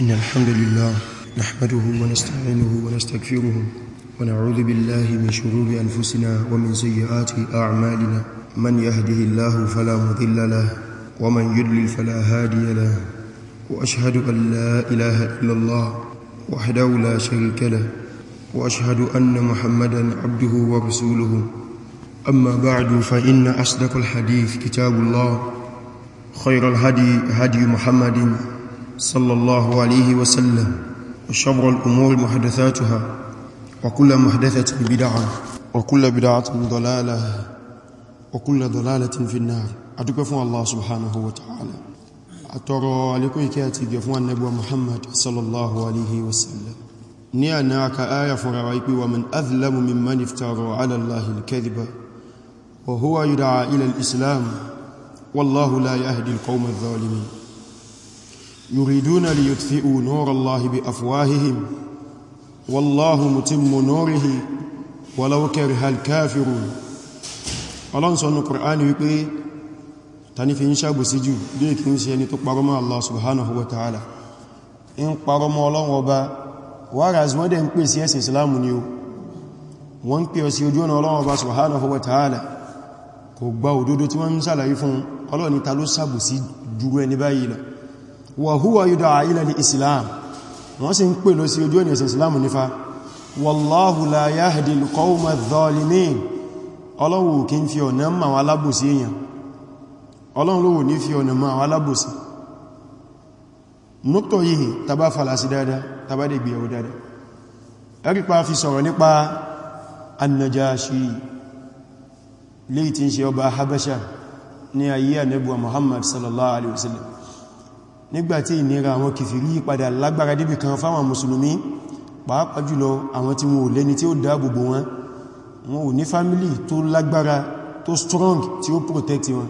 إن الحمد لله نحمده ونستعينه ونستكفره ونعوذ بالله من شرور أنفسنا ومن سيئات أعمالنا من يهده الله فلا مضل له ومن يضلل فلا هادي له وأشهد أن لا إله إلا الله وحده لا شريك له وأشهد أن محمدا عبده ورسوله أما بعد فإن أصدق الحديث كتاب الله خير الهدي هدي محمد صلى الله عليه وسلم وشبر الأمور محدثاتها وكل محدثة بدعة وكل بدعة ضلالة وكل ضلالة في النار أدوك فو الله سبحانه وتعالى أترى عليكم كاتي ديفو النبو محمد صلى الله عليه وسلم نعناك آية فرعيك ومن أذلم ممن افتر على الله الكذب وهو يدعى إلى الإسلام والله لا يهدي القوم الظالمين يريدون ليطفئوا نور الله بأفواههم والله متم نوره ولو كره الكافرون ọlọ́run sọ ní Kùránì wípé ta ní fi ń ṣàgbòsí jù bí i kí ń ṣe ẹni tó parọ́ mọ́ Allah subhanahu wa ta'ala in parọ́ mọ́ ọlọ́run ọba whereas wọ́n dẹ̀ ń pè sí ẹ̀sìn islamu ni o wọ́n ń pè ọ sí ojú ọ̀nà ọlọ́run ọba subhanahu wa ta'ala kò gba òdodo tí wọ́n ń ṣàlàyé fún ọlọ́run ta ló ṣàgbòsí jù ẹni báyìí lọ wa huwa yud'a ila al-islam wọ́n sì ń pè lọ sí ojú ọ̀nà ẹ̀sìn islam nífà wallahu la yahdi al-qawma adh-dhalimin ọlọ́wọ̀ kí ń fi ọ̀nà ma wà alábòsí èèyàn ọlọ́wọ̀ ní fi ọ̀nà ma wà alábòsí núktọ̀ yìí tàbá falasi dáadáa tàbá dẹ̀ nígbàtí ìnira àwọn kìfìrí padà lágbára débì kan fáwọn mùsùlùmí pàápàá jùlọ àwọn tí wọn ò lẹ́ni tí ó dáàbòbò wọn wọn ò ní fámílì tó lágbára tó strong tí ó protect wọn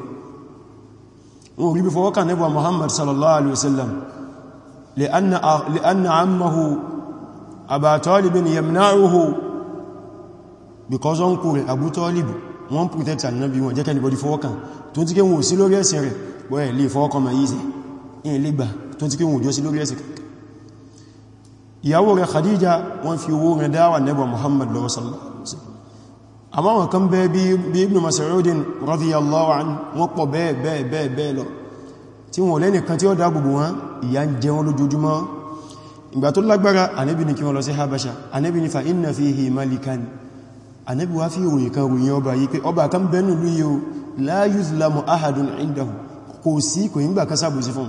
wọn ò rí bí fọwọ́kà nẹ́bà Muhammad sallallahu alaihi wasallam li'anna ammahu Aba Talib yamna'uhu because on kure Abu Talib wọ́n protect annabi wọn jẹ́ kẹ́ anybody fọwọ́kàn tó ti kẹ́ wọn ò sí lórí ẹ̀sìn rẹ̀ bọ́ẹ̀ lè fọwọ́kàn ma yìí yẹn lè gbà tó ti kí wọn òjò sí lórí ẹ̀sìn ìyàwó rẹ̀ Khadija wọ́n fi owó rẹ̀ dáwà nẹ́bà Muhammad lọ́wọ́ sallallahu alaihi wasallam àmọ́ wọn kan bẹ́ bí Ibn Mas'udin radiyallahu anhu wọ́n pọ̀ bẹ́ẹ̀ bẹ́ẹ̀ bẹ́ẹ̀ bẹ́ẹ̀ lọ tí wọ́n lẹ́nì kan tí ó dá gbogbo wọn ìyà ń jẹ wọn lójoojúmọ́ ìgbà tó lágbára Ànábì ní kí wọ́n lọ sí Habasha Ànábì ní fa inna fihi malikan Ànábì wá fi ìròyìn kan ròyìn ọba yìí pé ọba kan bẹ́nu lú yíò la yuzlamu ahadun indahu kò sí kò yíngbà kan sábòsí fún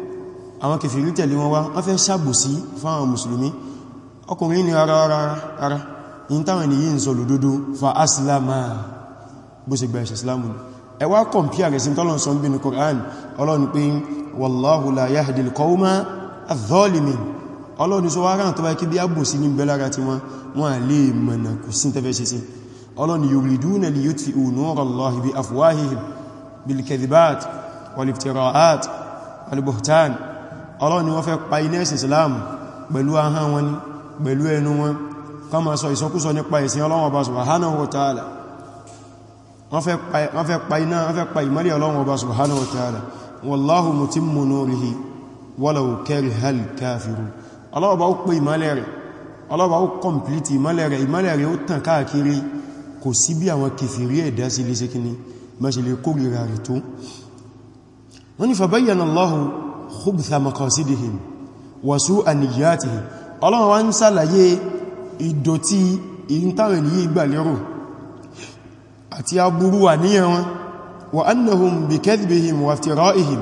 àwọn kèfèrí tẹ̀lé wọn wá wọ́n fẹ́ ṣàbòsí fáwọn mùsùlùmí ọkùnrin ni ara ara ara in táwọn ènìyí ń sọ lòdòdó fa aslama bó ṣe gba ẹ̀ṣẹ̀ islamu ẹ wá kọmpíà rẹ̀ sí tọ́lọ̀ sọ nínú Qur'an ọlọ́run pé wallahu la yahdil qawma adh-dhalimin ọlọ́run sọ wá bil kadhibat wal iftira'at wal buhtan ọlọ́run ni wọ́n fẹ́ pa iná ẹ̀sìn islam pẹ̀lú ahán wọn ni pẹ̀lú ẹnu wọn kọmọ sọ ìsọkúsọ nípa ìsìn ọlọ́run ọba subhanahu wa ta'ala wọ́n fẹ́ pa iná wọ́n fẹ́ pa ìmọ́lẹ̀ ọlọ́run ọba subhanahu wa ta'ala wallahu mutimmu nurihi walau karihal kafirun ọlọ́run ọba ó pé ìmọ́lẹ̀ rẹ̀ ọlọ́run ọba ó kò sí bí àwọn kèfèrí ẹ̀dá sí lè ṣe kíní mẹ́ṣe lè kórìíra rẹ̀ tó wọ́n ni fàbáyàn Allahu khubtha maqasidihim wa su'a niyyatihim ọlọ́run wá ń sàlàyé ìdọ̀tí ìntàwẹ̀lì yìí gbà lérò àti aburú wà níyàn wọn wa annahum bi kadhbihim wa iftira'ihim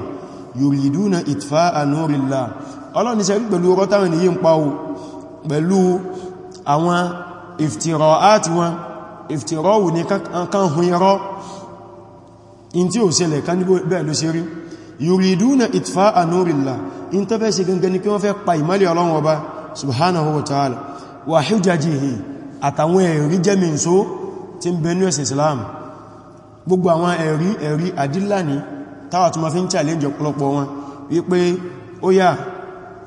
yuriduna itfa'a nurillah ọlọ́run iṣẹ́ pẹ̀lú rọ́tàwẹ̀lì yìí ń pàwó pẹ̀lú àwọn iftira'at ní kan yuriduna itfa'a nurillah in ta fẹ́ ṣe gangan ni kí wọ́n fẹ́ pa ìmọ́lẹ̀ Ọlọ́run Ọba subhanahu wa ta'ala wa hujajihi àtàwọn ẹ̀rí jẹ́min so ti ń bẹ ní ẹ̀sìn Islam gbogbo àwọn ẹ̀rí ẹ̀rí àdílàní táwà tó ma fi ń challenge ọ̀pọ̀lọpọ̀ wọn wípé ó yá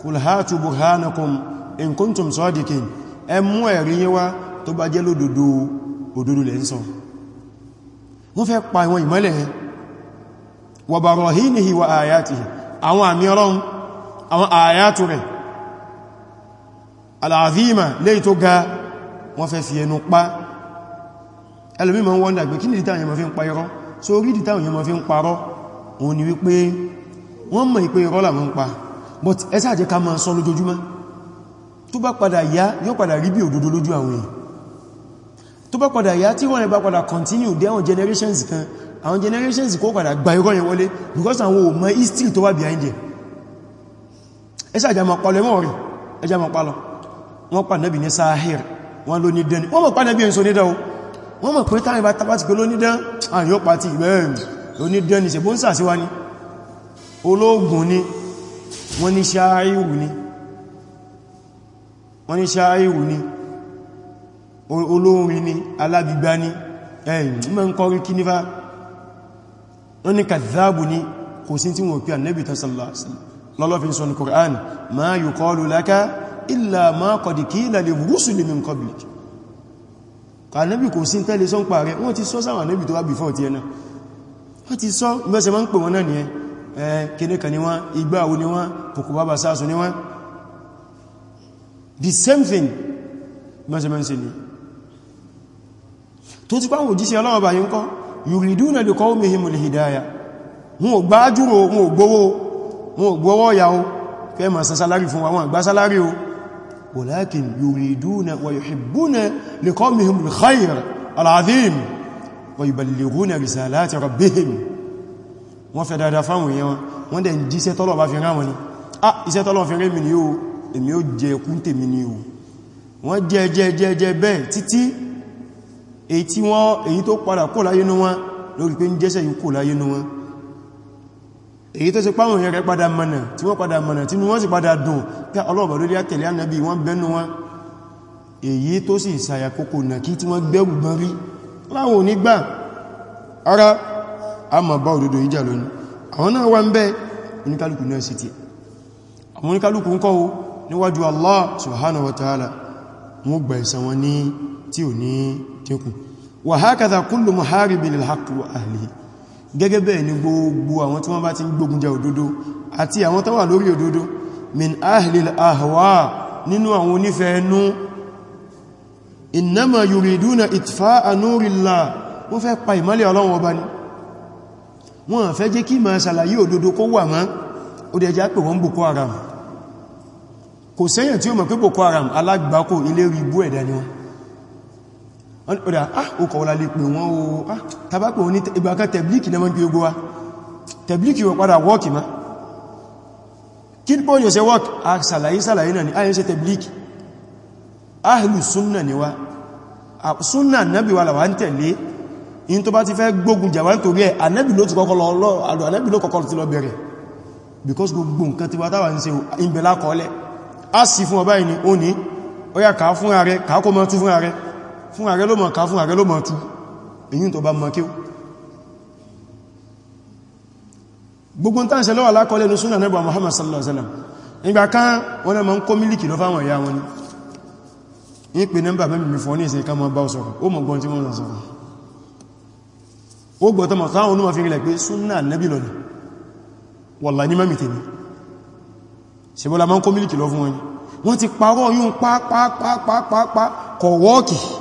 kul hatu burhanakum wa barahinihi wa ayatihi àwọn àmì ọlọ́run àwọn àyàtù rẹ̀ al-azima lè tó ga wọ́n fẹ́ fi ẹnu pa ẹlùmí ma ń wọ́n dàgbé kí ní ìdíta àwọn èèyàn fi ń pa irọ́ so orí ìdíta àwọn èèyàn fi ń parọ́ òun ni wípé wọ́n mọ̀ ìpé irọ́ làwọn ń pa but ẹsẹ́ àjẹ́ ká máa sọ lójoojúmọ́ tó bá padà yá yóò padà rí bí òdodo lójú àwọn èèyàn tó bá padà yá tí wọ́n rẹ̀ bá padà continue dé àwọn generations kan àwọn generations kó padà gba irọ́ yẹn wọlé because àwọn ò mọ history tó wà behind it ẹsẹ́ àjàmà pàlọ ẹmọ́ rẹ̀ ẹjàmà pàlọ wọ́n pa Nábì ní sahir wọ́n ló ní dẹni wọ́n mọ̀ pa Nábì ẹ̀sọ́ nídá o wọ́n mọ̀ pé tàbí tàbátì pé ló ní dán àyọ́ pàtí ìbẹ̀rẹ̀ ló ní dẹni ṣe bó ń sàsíwá ní ológun ni wọ́n ní ṣáàíwù ni wọ́n ní ṣáàíwù ni olórin ni alábìgbá ni ẹ̀yìn mọ́ ń kọrí kínífà wọ́n ní kàzáàbù ní kò sí tí wọ́n pí annabi ta lọ́lọ́fin sọ ní Kùránì ma yuqalu laka illa ma qad qila li rusuli min qablik kànábì kò sí tẹ́lẹ̀ sọ ń pa rẹ̀ wọ́n ti sọ sáwọn annabi tó wá bí fọ́ọ̀tí ẹna wọ́n ti sọ mẹ́sẹ̀ ma ń pè wọn náà nìyẹn kíníkà ni wọ́n igbáwo ni wọ́n kòkò bàbà sáàsù ni wọ́n the same thing mẹ́sẹ̀ mẹ́sẹ̀ ni tó ti pàwọn òjíṣẹ́ ọlọ́wọ́ bàyí ń kọ́ yuriduna bi qawmihimul hidaya wọn ò gbájúrò wọn ò gbówó wọn ò gbówó ya o kẹ ma san salari fún wọn gbá salari o walakin yuriduna wa yuhibbuna li qawmihimul khair al'azim wa yuballighuna risalati èyí tí wọ́n èyí tó padà kó láyé nú wọn lórí pé ń jẹ́sẹ̀ yìí kó láyé nú wọn èyí tó sì páwọn èèyàn rẹ̀ padà mọ̀nà tí wọ́n padà mọ̀nà tí wọ́n sì padà dùn pé ọlọ́ọ̀bà lórí àtẹ̀lé ànàbí wọ́n bẹnu wọn èyí tó sì sàyà kókò nà kí tí wọ́n gbẹ́rù gbọ́n rí láwọn onígbà ara a mọ̀ bá òdodo ìjà lónìí àwọn náà wà ń bẹ oníkálùkù náà sì ti àwọn oníkálùkù ń kọ́ níwájú Allah subhanahu wa ta'ala wọ́n gbà ìsan wọn ní tí ò ní dínkù wa hakadha kullu muharibin lil haqqi wa ahlihi gẹ́gẹ́ bẹ́ẹ̀ ni gbogbo àwọn tí wọ́n bá ti ń gbógun jà òdodo àti àwọn tó wà lórí òdodo min ahlil ahwa kò sẹ́yìn tí ó mọ̀ pé Boko Haram alágbàkò ilé rí bú ẹ̀dá ni wọ́n ọ̀dá ah òkọ̀ wọ́la lè pè wọ́n o ah tàbápò ní ìgbàkan tẹ̀blíkì náà ń pè ogbó wa tẹ̀blíkì wọ padà wọ́kì má kí pọ́ yóò ṣe wọ́kì ah sàlàyé sàlàyé náà ni ayẹ́ ṣe tẹ̀blíkì ahìlù súnnà ni wá súnnà nábì wà làwà ń tẹ̀lé in tó bá ti fẹ́ gbógun jà wá nítorí ẹ̀ anábì ló ti kọ́kọ́ lọ àdó anábì ló kọ́kọ́ ti lọ bẹ̀rẹ̀ because gbogbo nǹkan ti wá táwà ń ṣe ìbẹ̀lá kọ́ọ́lẹ̀ a sì fún ọba ìní ó ní ó yà ká fún ààrẹ ká kó mọ́ tún fún ààrẹ fún ààrẹ ló mọ̀ ká fún ààrẹ ló mọ̀ tú èyí tó bá mọ̀ kí ó gbogbo tán ṣe lọ́wà lákọlẹ̀ ní súnà nẹ́bà Muhammad sallallahu alaihi wasallam ìgbà kan wọ́n lẹ́mọ̀ ń kó mílìkì lọ fáwọn ìyá wọn ní pè nẹ́mbà mẹ́mì fún ní ìsìnká mọ́ bá sọ̀rọ̀ ó mọ̀ gbọ́n tí wọ́n sọ̀rọ̀ ó gbọ́ tọmọ̀ táwọn onímọ̀ fi rí lẹ̀ pé súnà nẹ́bì lọ wọ̀lá ní mẹ́mì tèmi ṣe bọ́lá mọ́ ń kó mílìkì lọ fún wọn wọ́n ti parọ́ yún pápápápápá kọ̀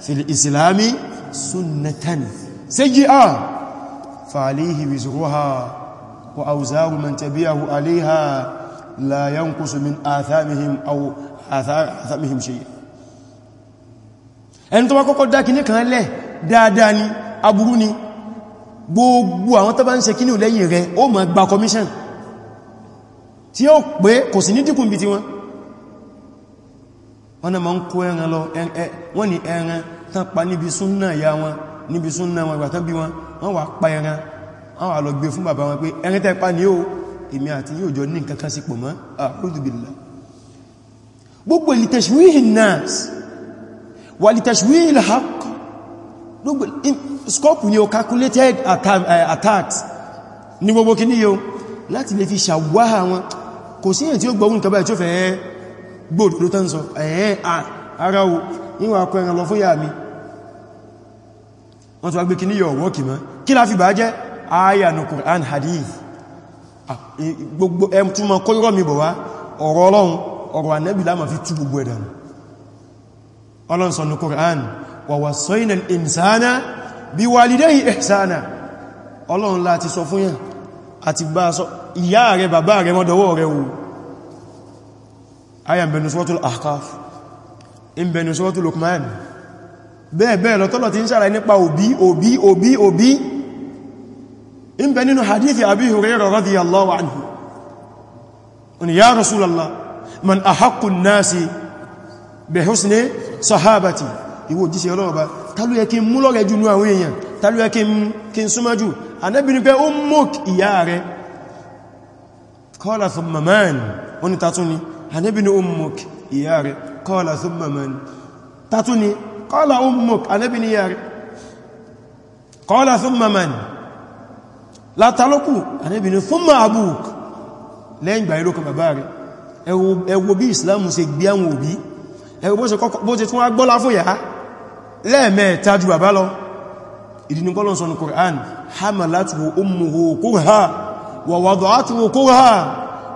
fil islami sunnatan sayyi'ah fa'alayhi wizruha wa awzaru man tabi'ahu alayha la yanqusu min athamihim aw athamihim shay'a en tó bá kọ́kọ́ dá kiní kan lẹ̀ dáadáa ni aburú ni gbogbo àwọn tó bá ń ṣe kiní lẹ́yìn rẹ̀ ó máa gba commission tí ó pé kò sí ní dínkù bí ti wọn wọ́n náà ma ń kó ẹran lọ wọ́n ni ẹran tán pa níbi súnnà ya wọn níbi súnnà wọn ìgbàtán bí wọn wọ́n wà pa ẹran wọ́n wà lọ gbé fún bàbá wọn pé ẹran tẹ́ pa ní ó èmi àti yóò jọ ní nǹkankan eh, sí pọ̀ mọ́ àrùdùbìlá gbogbo ìlítẹ̀ṣwíhì nas gbòdò ló tán sọ ẹ̀yẹn ara o níwà akọ ẹran lọ fún yà mi wọ́n tó wá gbé kí ní yọ ọ̀wọ́ kì mọ́ kí láfi bá jẹ́ ayà nù Qur'an hadith gbogbo ẹm tún mọ́ kó yọ́rọ̀ mi bọ̀ wá ọ̀rọ̀ ọlọ́run ọ̀rọ̀ anẹ́bì láàmà fi tú gbogbo ẹ̀dànù aya ń bẹnu suratul ahqaf ń bẹnu suratul lukman bẹ́ẹ̀ bẹ́ẹ̀ lọ tọ́lọ̀ tí ń ṣàlàyé nípa òbí òbí òbí òbí ń bẹ nínú hadithi abi hurairah radiyallahu anhu ni ya rasulallah man ahaqqu an-nasi bi husni sahabati ìwọ jíṣẹ́ Ọlọ́run ba talu yẹ kí n mú lọ́rẹ̀ jù nú àwọn èèyàn talu yẹ kí n súnmọ́ ànábì ní ummuk ìyá rẹ̀ qala thumma man tàtún ni qala ummuk ànábì ní ìyá rẹ̀ qala thumma man látàlókù ànábì ní thumma abuk lẹ́yìn gbà ìlú kan bàbá rẹ̀ ẹ wo bí Islam ṣe gbé àwọn òbí ẹ wo bó ṣe tún agbọ́lá fún yà lẹ́ẹ̀mẹ́ta ju bàbá lọ ìdínigọ́lọ́ sọ ní Qur'an hamalathu ummuhu kurha wa wada'athu kurha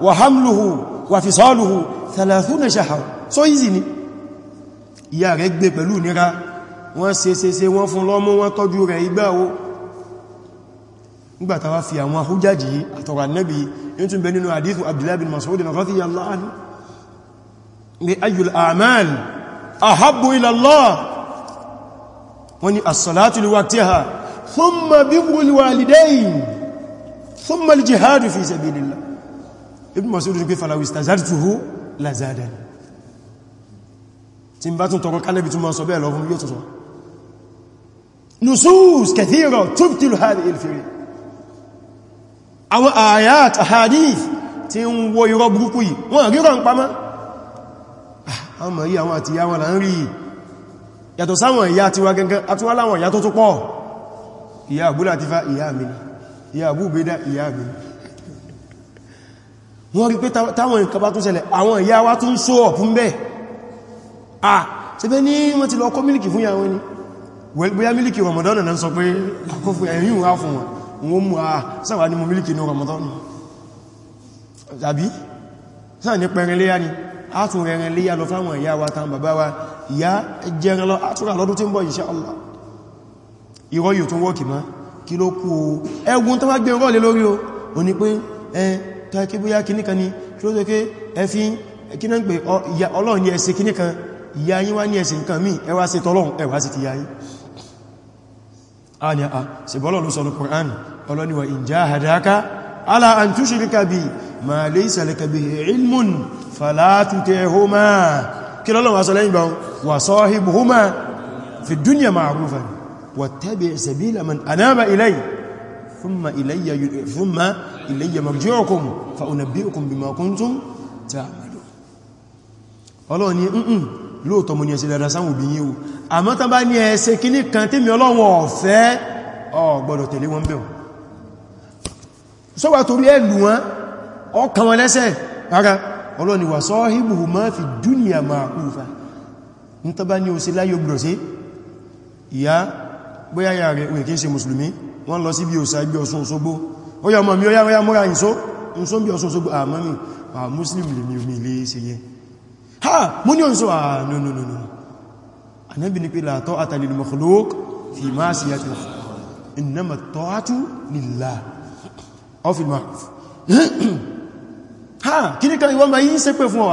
wa hamluhu wà fi sọ́ọ̀lùhù 30 ṣahar so easy ni ìyá rẹ̀ gbé pẹ̀lú nira wọ́n ṣe ṣe ṣe wọ́n fún lọ́mú wọ́n tọ́jú rẹ̀ ìgbàwo nígbàtà wá fi àwọn ahújájì àtọ̀rà nẹ́bí yíò tún bẹ nínú àdífù Abdullah bin Mas'ud radiyallahu anhu ni ayyul a'mal ahabbu ila Allah wọ́n ni as Ibn Mas'ud ní pé falawi stazartuhu la zadani tí n bá tún tọrọ kánẹ́bì tún máa sọ bẹ́ẹ̀ lọ fún yóò tuntun nusus kathira tubtilu hadhihi al-firqa àwọn ayat hadith tí ń wo irọ́ burúkú yìí wọ́n ríran pamọ́ àwọn ah, mọ̀ yí àwọn àti ìyá wọn là ń rí yàtọ̀ sáwọn ìyá tiwa wọ́n rí pé táwọn nǹkan bá tún ṣẹlẹ̀ àwọn ìyá wa tún show up ń bẹ́ ṣe bẹ́ ní wọ́n ti lọ kó mílìkì fún yàwó ni wẹ́lgbéyà mílìkì Ramadan na sọ pé kó fún ẹ̀yìn wá fún wọn wọ́n Ramadan tàbí sáà ni a tún rẹ̀rin léyà lọ fáwọn ìyá wa tán bàbá wa ìyá jẹrin lọ àtúrà lọ́dún tí ń bọ̀ insha Allah ìrọ́ yóò tún wọ́kì mọ́ kí ló kú o tó ẹkí bóyá kìníkan ni tí ó tó ké ẹfí kíná ń pè ọlọ́run ní ẹsẹ kìníkan ìyá yín wá ní ẹsẹ nǹkan míì ẹ wá ṣe tọ́lọ́run ẹ wá ṣe ti yá yín àní à ṣèbọ́lọ̀ ló sọ̀rọ̀ Qur'an ọlọ́ni wa in jahadaka ala an tushrika bi ma laysa laka bihi ilmun fala tutihuma ilayya marji'ukum fa unabbi'ukum bima kuntum ta'malun ọlọ́run ni ǹǹ lóòtọ́ mo ní ẹ̀sẹ̀ dáadáa sáwọn òbí yíò àmọ́ tán bá ní ẹ̀ṣẹ̀ kíní kan tí mi ọlọ́run ọ̀fẹ́ ò gbọ́dọ̀ tẹ̀lé wọn bẹ̀rún sọ́wà torí ẹ̀lù wọn ọkàn wọn lẹ́sẹ̀ ara ọlọ́run ni wa sahibuhuma fi dunya bóyá yà rẹ̀ òyìnkí ń ṣe wọ́n lọ sí bí òsà ẹgbẹ́ Ọ̀ṣun Òṣogbo ó yá mọ̀ mi ó yá mọ́ múra ìṣó ìṣó bí ọ̀ṣọ́ ṣogbò àmọ́ mi à muslim lè mi omi ilé ṣe yẹn ha mú ní ọ̀ṣọ́ à no no no no anábi ni pé la ta'ata lil makhluq fi ma'siyati innama ta'atu lillah aw fil ma'ruf ha kí ní kan ìwọ́n ma yí ṣépè fún pé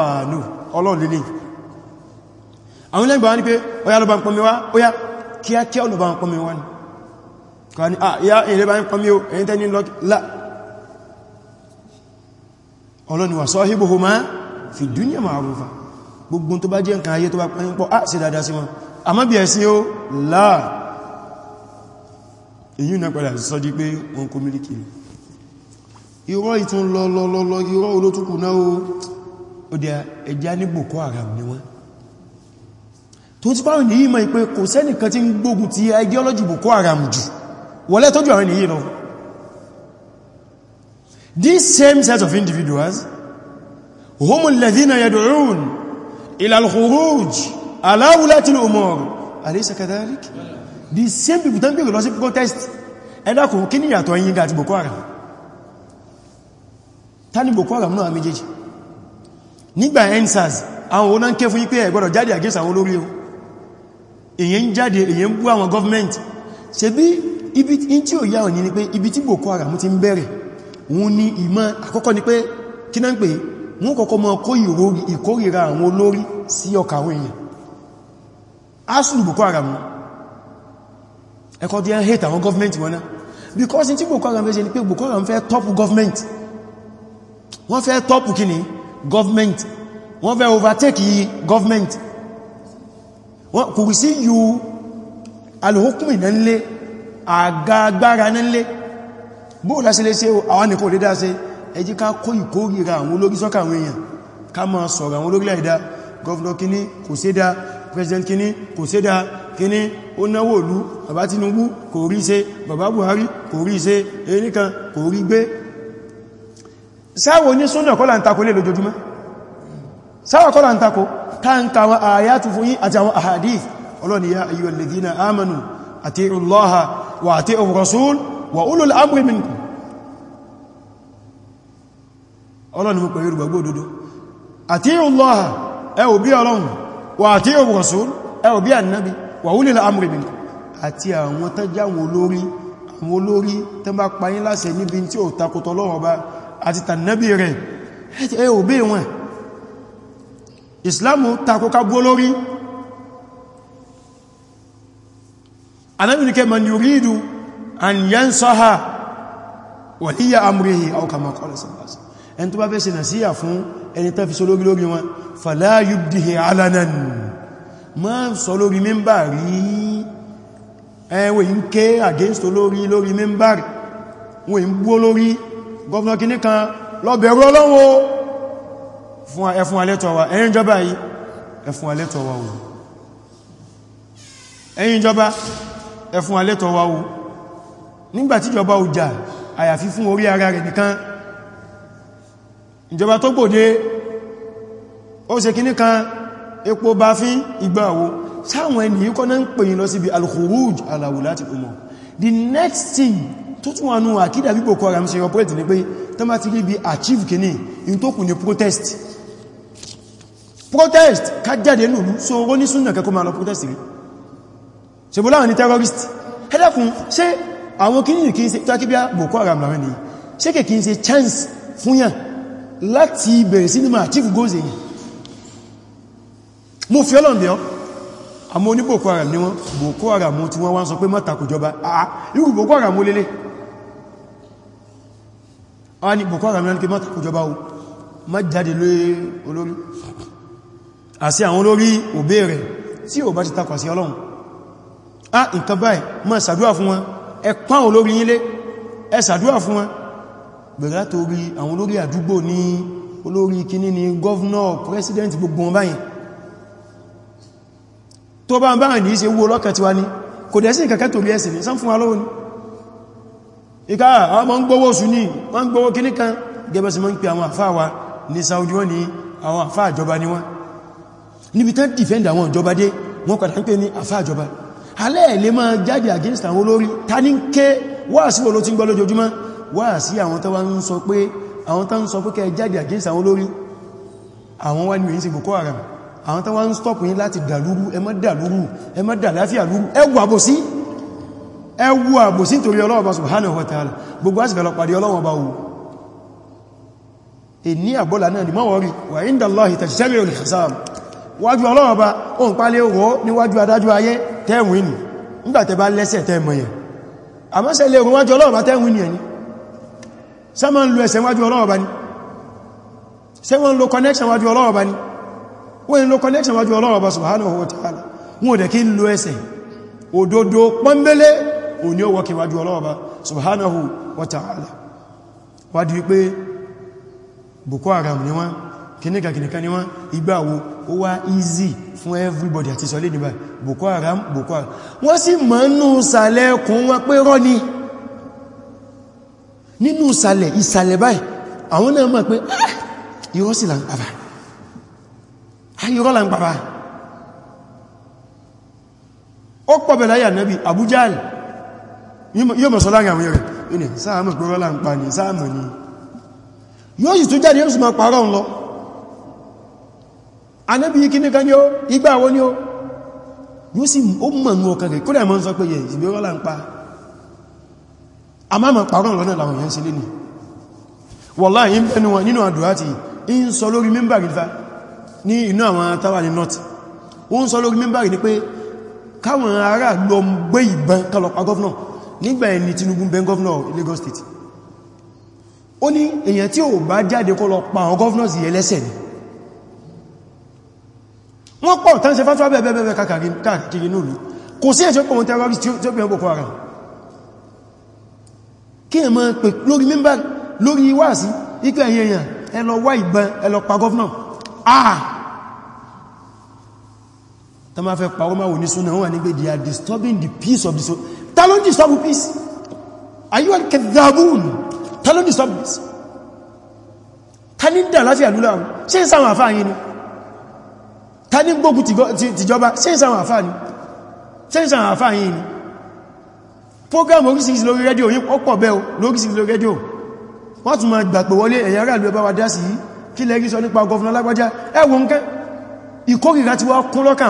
ó yá lọ bá kan ah ya in le ba n pami o ẹ̀yin tẹ́ ní la ọlọ́ni wa sahibuhuma fi dunya ma'rufa gbogbo tó bá jẹ́ nǹkan ayé tó bá pẹ́ pọ̀ ah sí dáadáa sí wọn àmọ́ bí ẹ̀sí o láà èyí náà padà sọ di pé wọn kó mílìkì irọ́ ìtún lọ́lọ́lọ́lọ́ irọ́ olótùkù náà o ó dẹ ẹjá ní Boko Haram ni wọ́n tó ti báwọn ní ìmọ̀ ìpé kò sẹ́nìkan tí ń gbógun ti ideology Boko Haram jù wọlé tó jù àwọn ènìyàn náà these same set of individuals هم الذين يدعون إلى الخروج على ولاة الأمور أليس كذلك these same people tán bèèrè lọ sí protest ẹ̀dàkùn kí ní ìyàtọ̀ yìí ga àti Boko Haram ta ni Boko Haram náà méjèèjì nígbà EndSARS àwọn oná ń ké fún yín pé ẹ jáde against àwọn olórí o èyí ń jáde èyí ń bú àwọn government ṣe bí ibi tí ó yá òní ni pé ibi tí Boko Haram ti ń bẹ̀rẹ̀ wọ́n ní ìmọ̀ àkọ́kọ́ ni pé kí náà ń pè wọ́n kọ́kọ́ mọ́ kó ìkórìíra àwọn olórí sí ọkà àwọn èèyàn asùn Boko Haram ẹkọ́ tí a hate àwọn gọ́ọ̀mẹ́ntì wọn náà because tí Boko Haram fẹ́ ṣe ni pé Boko Haram fẹ́ tọ́pù gọ́ọ̀mẹ́ntì wọ́n fẹ́ tọ́pù overtake gọ́ọ̀mẹ́ntì kò sí yóò alùhókùnmì náà àgagbára nílé bóò lásí lé sí àwọn nìkan lè dá sí ẹjí ká kó ìkórìíra àwọn olórí sọ́kà àwọn èèyàn ká máa sọ̀rọ̀ àwọn olórí láìdá gọ́ọ̀nà kíní kò sí president kíní kò sí dá kíní ó náwó ìlú bàbá Tinubu kò rí ṣe bàbá Buhari kò rí ṣe ẹnìkan kò rí gbé sáwọn ní súnà kọ́lá ń takò lè lójoojúmọ́ sáwọn kọ́lá ń ya ayyuhal ladhina amanu أتيعوا الله وأتيعوا الرسول وأولو الأمر منكم ọlọ́run ni mo pẹ̀lú ìrùgbàgbò òdodo أتيعوا الله ẹ bí ọlọ́run وأتيعوا الرسول ẹ ò bí ànábi وأولو الأمر منكم àti àwọn tẹ́jáwọn olórí àwọn olórí tẹ́ bá pa yín láṣẹ níbi tí ó takòtọ̀ lọ́wọ́ anábìnikẹ́ man yuridu an yansaha waliya amrihi aw kama qala sallallahu alaihi wasallam ẹni tó bá fẹ́ ṣe nasiha fún ẹni tó fi sọ lórí lórí wọn fala yubdihi alanan ma sọ lórí mímbàrí ẹwẹ̀ ń ké against olórí lórí mímbàrí wọ́n ń bú olórí gọ́ọ̀nà kìíní kan lọ́bẹ̀rú ọlọ́wọ́ ẹfún alẹ́tọ̀ wa ẹ̀yin ìjọba yìí ẹfún alẹ́tọ̀ wa wọ́n ẹ̀yin ìjọba ẹfún alẹ́tọ̀ wa o nígbàtí ìjọba ò jà àyàfi fún orí ara rẹ̀ nìkan ìjọba tó gbòde ó ṣe kí níkan epo bá fín ìgbà wo sáwọn ènìyàn kọ́ náà ń pè yín lọ síbi al-khuruj ala wulati the next thing tó tún wọnú àkídà bí Boko Haram ṣe operate ní pé tó má ti rí bí achieve kìíní in tó kù ní protest protest ká jáde nùlú so ó ní súnnà kẹ́kọ́ máa lọ protest rí ṣe bó láwọn ní terrorist ẹlẹ́kùn ṣe àwọn kìí kìí ṣe takibia Boko Haram láwọn ni ṣe kìí ṣe chance fún yàn láti bẹ̀rẹ̀ sinima chief goals èyí mo fi ọlọ́n bí ọ́ àmọ́ oní Boko Haram ní wọ́n Boko Haram tí wọ́n wá ń sọ pé mọ́ta kò jọba àà irú Boko Haram lélé a ah nǹkan báyìí ma ṣàdúrà fún wọn ẹ pán olórí yínlé ẹ ṣàdúrà fún wọn bẹ̀rẹ̀ látorí àwọn olórí àdúgbò ní olórí kíní ni governor, president gbogbo wọn báyìí tó bá ń bá ní ṣe wó lọ́kàn tiwa ní kò dẹ̀ sí ìkàkẹ́ torí ẹ̀sìn ní sán fún wa lọ́wọ́ ìká àwọn ma ń gbówó Saudi wọ́n ní àwọn àfáà ni wọ́n níbi tán dìfẹ́ndà àwọn ìjọba dé wọ́n padà alẹ́ ilé máa jáde against àwọn olórí ta ní ké wáàsí wọ́n ló ti ń gbọ́ lójoojúmọ́ wáàsí àwọn tó wá ń sọ pé àwọn tó ń sọ pé kẹ jáde against àwọn olórí àwọn wá ní mẹ́yìn sí Boko Haram àwọn tó wá ń stop yín láti dàlúrú ẹ má dàlúrú ẹ má dàláfíà lúrú ẹ wù àbòsí ẹ wù wa ta'ala gbogbo àsìkò lọ pàdé ni mọ́wọ́rí wà inda Allahi wájú Ọlọ́run bá òun níwájú adájú ayé tẹ́wìn nì nígbàtẹ̀ bá lẹ́sẹ̀ tẹ́mọ̀yẹ̀ àmọ́sẹ̀ lè rún wájú ọlọ́ọ̀bá tẹ́wìn nì ẹni sẹ́mọ̀ lo ẹsẹ̀ wájú ọlọ́ọ̀bá ni sẹ́mọ̀ lo connection wájú ọlọ́ọ̀bá ni wọ́n lo connection wájú ọlọ́ọ̀bá subhanahu wa ta'ala wọ́n dẹ̀ kí ń lo ẹsẹ̀ Boko Haram fún everybody àti sọlé nígbà Boko Haram Boko Haram wọ́n sì mọ̀ nínú ìsàlẹ̀ ẹkùn wọn pé rọ́ ni nínú ìsàlẹ̀ ìsàlẹ̀ báyìí àwọn náà mọ̀ pé ah, irọ́ sì là ń pàbà ah, irọ́ là ń pàbà ó pọ̀bẹ̀ láyà náàbì Abu Jahl yóò mọ̀ sọ láàrin àwọn yẹ̀rẹ̀ anábi yìí kíní kan ní ó igbá wọn ní ó yóò sì ó mọ̀nú ọkàn rẹ̀ kó lẹ́mọ́ sọ pé yẹ ìbírọ́lá ń pa a máa mọ̀ pàrọ̀ lọ́nà làwọn yẹn sílé ní wọ́láyìí ń bẹnu wọn nínú àdúrátì ń sọ lórí mímbàrí fa ní inú àwọn tàwà ní north ó ń sọ lórí mímbàrí ní pé káwọn ará lọ gbé ìbọn kalọ̀pá gọ́fnà nígbà ẹni Tinubu bẹ gọ́fnà Lagos State ó ní èyàn tí ò bá jáde kó lọ pa àwọn gọ́fnà sí ẹlẹ́sẹ̀ ni wọ́n pọ̀ tán ṣe fásitì bẹ̀bẹ̀bẹ̀ káàkiri nílùú kò sí ẹ̀ṣọ́ pọ̀ terrorist tí ó bẹ̀rẹ̀ Boko Haram kí ẹ máa pè lórí mímbà lórí wáàsí ikẹ́ ẹ̀yẹ èèyàn ẹ lọ wá ìbọn ẹ lọ pa gọ́fnà àà tá máa fẹ́ pàwọ́ máa wò ní súnà wọ́n wà nígbé they are disturbing the peace of the soul ta ló ń disturb peace are you al-kadhabun ta ló ń disturb peace ta ní dà láti àlúlà ṣe ń sáwọn àfáà yìí ni ta ní gbógun tìjọba sẹ́yìnsàn àfáà ni sẹ́yìnsàn àfáà yìí ni program orísìírísìí lórí rédíò yí ọ̀pọ̀ bẹ́ o lórísìírísìí lórí rédíò wọ́n tún ma gbàgbọ́ wọlé ẹ̀yà rẹ̀ lóẹbá wa dá sí kí lẹ́rí sọ nípa gọvnà lágbàjá ẹwọ ń kẹ́ ìkórìíra tí wọ́n kún lọ́kàn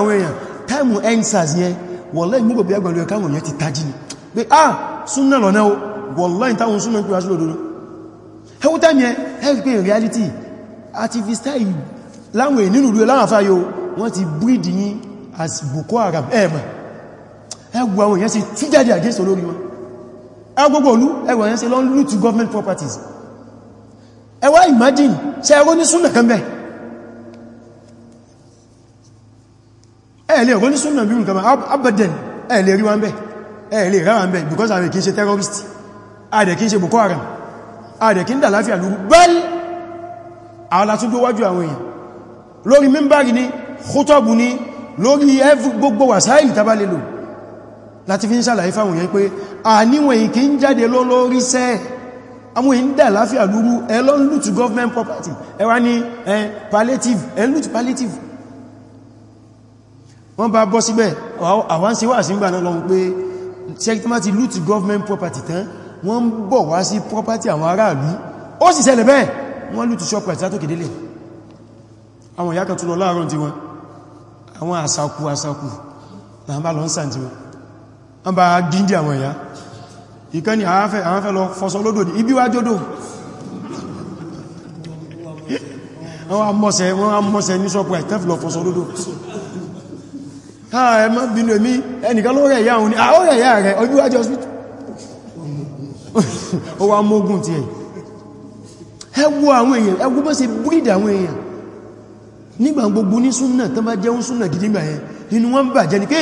àwọn èèyàn ah súnnà lọ́nà o wọ́lẹ́ ìtàwọn súnnà ń pè wáṣú lòdòdó reality activist táì láwọn ènìyàn nínú ìlú láwọn àfáyọ wọ́n ti breed yín as Boko Haram ẹ̀mà ẹgbù àwọn èèyàn sí tú jáde against olórí wọn agbogbo olú ẹgbù èèyàn sí lọ ń to government properties ẹ wá imagine ṣe ẹrọ ní súnà kan bẹ́ ẹ̀ẹ̀lẹ̀ ẹ̀rọ ní súnà bí nǹkan abadan ẹ̀ẹ̀lẹ̀ rí wọn bẹ́ ẹ̀ẹ̀lẹ̀ rá wọn bẹ́ because àwọn kìí ṣe terrorist àdẹ̀ kìí ṣe Boko Haram àdẹ̀ kìí ń dà láfíà lórí bẹ́ẹ̀lì àwọn látúgbówájú àwọn èèyàn lórí mímbàrí ni kútọ́bù ní lórí gbogbo wàsáìlì tàbá lè lò láti fi ń sàlàyé fáwọn èèyàn pé a níwọ̀n yìí kí ń jáde lórí sẹ́ àwọn èèyàn dà láfíà lúrú ẹ lùtù government property ẹ wá ní ẹ palliative ẹ lùtù palliative wọ́n bá bọ́ síbẹ̀ àwọn sí wà sí government property tán wọ́n ń property àwọn aráàlú ó sì ṣẹlẹ̀ bẹ́ẹ̀ wọ́n shop right látòkèdélẹ̀ àwọn ìyá kan tún lọ láàárọ̀ tí wọ́n àwọn àsàkù àsàkù na bá lọ ń sàn tí wọ́n bá díndì àwọn ìyá ìkan ni àwọn fẹ́ lọ fọ́sọ lódò ní ibi wájódò wọ́n amọ́sẹ̀ wọ́n amọ́sẹ̀ ní sọ́pọ̀ ẹ̀tẹ́fì lọ fọ́sọ lódò ẹ a ó rẹ̀ ìyá rẹ̀ ojú wájú hospital ó wá mógún ti ẹ̀ ẹ wo àwọn èèyàn ẹ wo àwọn èèyàn nígbà gbogbo ní súnnà tán bá jẹun súnnà gidi gbà yẹn nínú wọn bà jẹ́ ní pé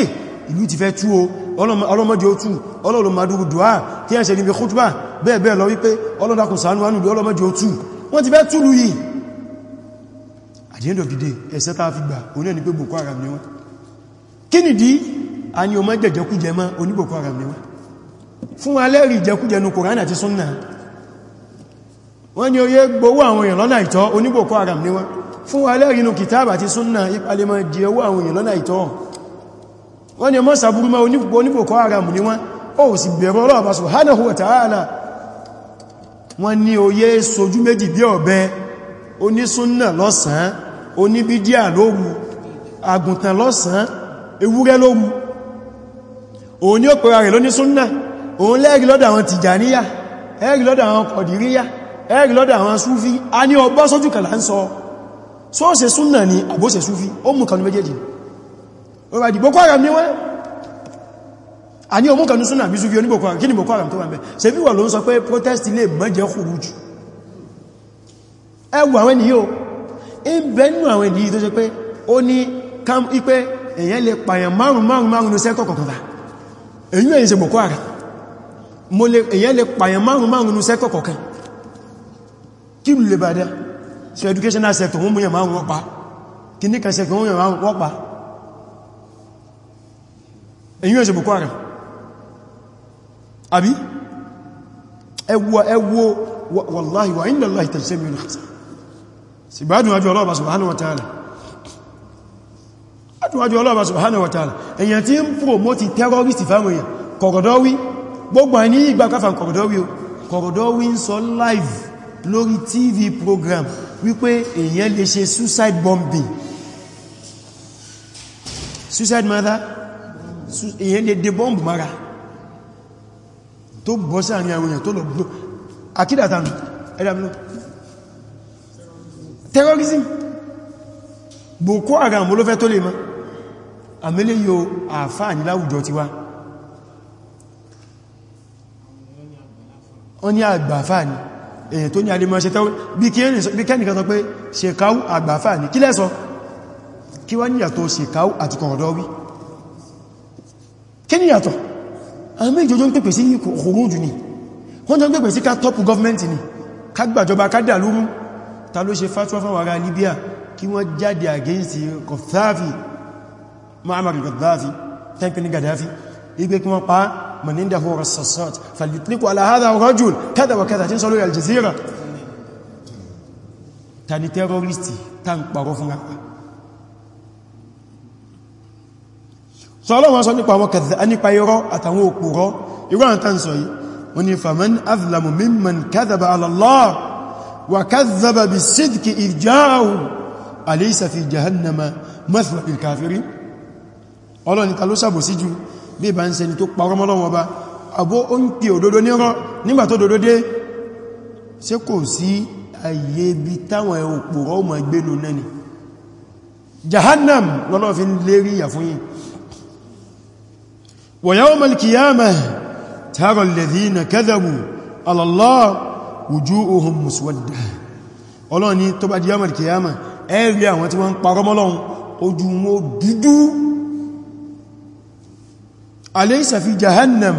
ìlú ti fẹ́ tú o ọlọ́mọdé ó tú ọlọ́lọ́mọdúrú dùá tí a ń ṣe níbi khutba bẹ́ẹ̀ bẹ́ẹ̀ lọ wípé ọlọ́dàkùn sánú wánú ọlọ́mọdé ó tú wọ́n ti fẹ́ túlù yìí at the end Boko Haram ni wọ́n kí nìdí a ní ọmọ Boko Haram ni wọ́n fún alẹ́rì jẹkújẹ ní Kòránà àti súnnà wọ́n ni Boko Haram fún alẹ́rinú kìtàbà àti súnnà alẹ́mọ̀ jẹ owó àwọn èèyàn lọ́nà ìtọ́ wọ́n ni ọmọ sàbúrú máa oníbòkọ́ ara mù ní wọ́n ó sì bẹ̀rọ ọlọ́ọ̀bá subhanahu wa ta'ala wọ́n ní oyé sojú méjì bí ọ̀bẹ oní súnnà lọ́sàn oní bídíà lóru àgùntàn lọ́sàn ewúrẹ́ lóru òun ni ó pẹ̀rọ rẹ̀ lóní súnnà òun lẹ́rìí ẹ̀rì lọ́dọ̀ àwọn kọ̀dìríyà ẹ̀rì lọ́dọ̀ àwọn súfí a ní ọgbọ́ kàlá ń sọ so ó ṣe ni abo àbó ṣe súfí ó mú kanú méjèèjì ó bá di Boko Haram ní wọ́n a ní ọmú kanú súnnà bí súfí oní Boko Haram kí ni Boko Haram tó wà mẹ́ ṣe bí wà ló ń sọ pé protest ilé mọ́jẹ́ kúrú jù ẹwù àwọn ènìyàn ó ń bẹ́nu àwọn ènìyàn tó ṣe pé ó ní kam ipé èyàn lè pààyàn márùn márùn márùn ní sẹ́kọ̀ kọ̀kọ̀kọ̀ èyàn èyàn ṣe Boko Haram èyàn lè pààyàn márùn márùn ní sẹ́kọ̀ kọ̀kọ̀ kí lè bàdá sí educational sector wọ́n múyàn márùn-ún wọ́pa kìní kan sector wọ́n múyàn márùn-ún wọ́pa èyí ẹ̀ṣẹ̀ bùkọ́ rẹ̀ àbí ẹwọ ẹwọ wallahi wa inda Allah tajsami al-khasa sì bá dùn wájú ọlọ́ọ̀bá subhanahu wa ta'ala adùn wájú ọlọ́ọ̀bá subhanahu wa ta'ala èyàn tí ń promote terrorist fáwọn èyàn kọ̀gọ̀dọ́wí gbogbo àní sọ live lórí tv program wípé èyàn lè ṣe suicide bombing suicide mother èyàn lè dé bọ́m̀bù mara tó bọ́ sáàrin àwọn èyàn tó lọ gbọ́ akídàtàmù ẹ̀dàmù terrorism Boko Haram ló fẹ́ tó lè mọ́ àmìlẹ̀ yóò àfáà ní láwùjọ tiwa wọ́n ní àgbà àfáà ni èyàn tó ní alẹ́mọ́ ṣe tẹ́wọ́ bí kẹ́nìkan sọ pé ṣekáú àgbàfà ní kí lẹ́sọ kí wá níyàtọ̀ ṣekáú àti kọ̀rọ̀dọ́wí kí níyàtọ̀ àwọn méjì ń pèpè sí kòrójù ni wọ́n jọ ń pèpè sí ká tọ́pù gọ́ọ̀mẹ́ntì ni ká gbàjọba ká dà Libya kí against Gaddafi Muammar Gaddafi tẹ́ńpẹ́ ní Gaddafi pa من عنده رصاصات فليطلقوا على هذا الرجل كذا وكذا تنسوا له الجزيرة tani tẹ́rọrìsì tán pàrọ fún àpá sọ ọlọ́wọ́n sọ nípa àwọn kàzà nípa irọ́ àtàwọn òpùrọ́ irọ́ àtàn sọ yìí wọ́n ni faman azlamu mimman kazaba alallah wa kazaba bi sidki irjáhù alaysa fi jahannama mathwa ilkafiri ọlọ́ni ta ló sàbòsí ju bí ìbá ń ṣẹni tó parọ́ mọ́ Ọlọ́run ọba àbó ó ń pè òdodo nírọ́ nígbà tó dodo dé ṣé kò sí ayé ibi táwọn òpòrọ́ ọmọ ìgbénu náà ni jahannam lọ́lọ́ fi ń lérí ìyà fún yín wa yawmal qiyamah tara alladhina kadhabu ọlọ́ni tó bá di yawmal qiyamah ẹ̀rí àwọn tí wọ́n ń parọ́ mọ́ ojú wọn dúdú alaysa fi jahannam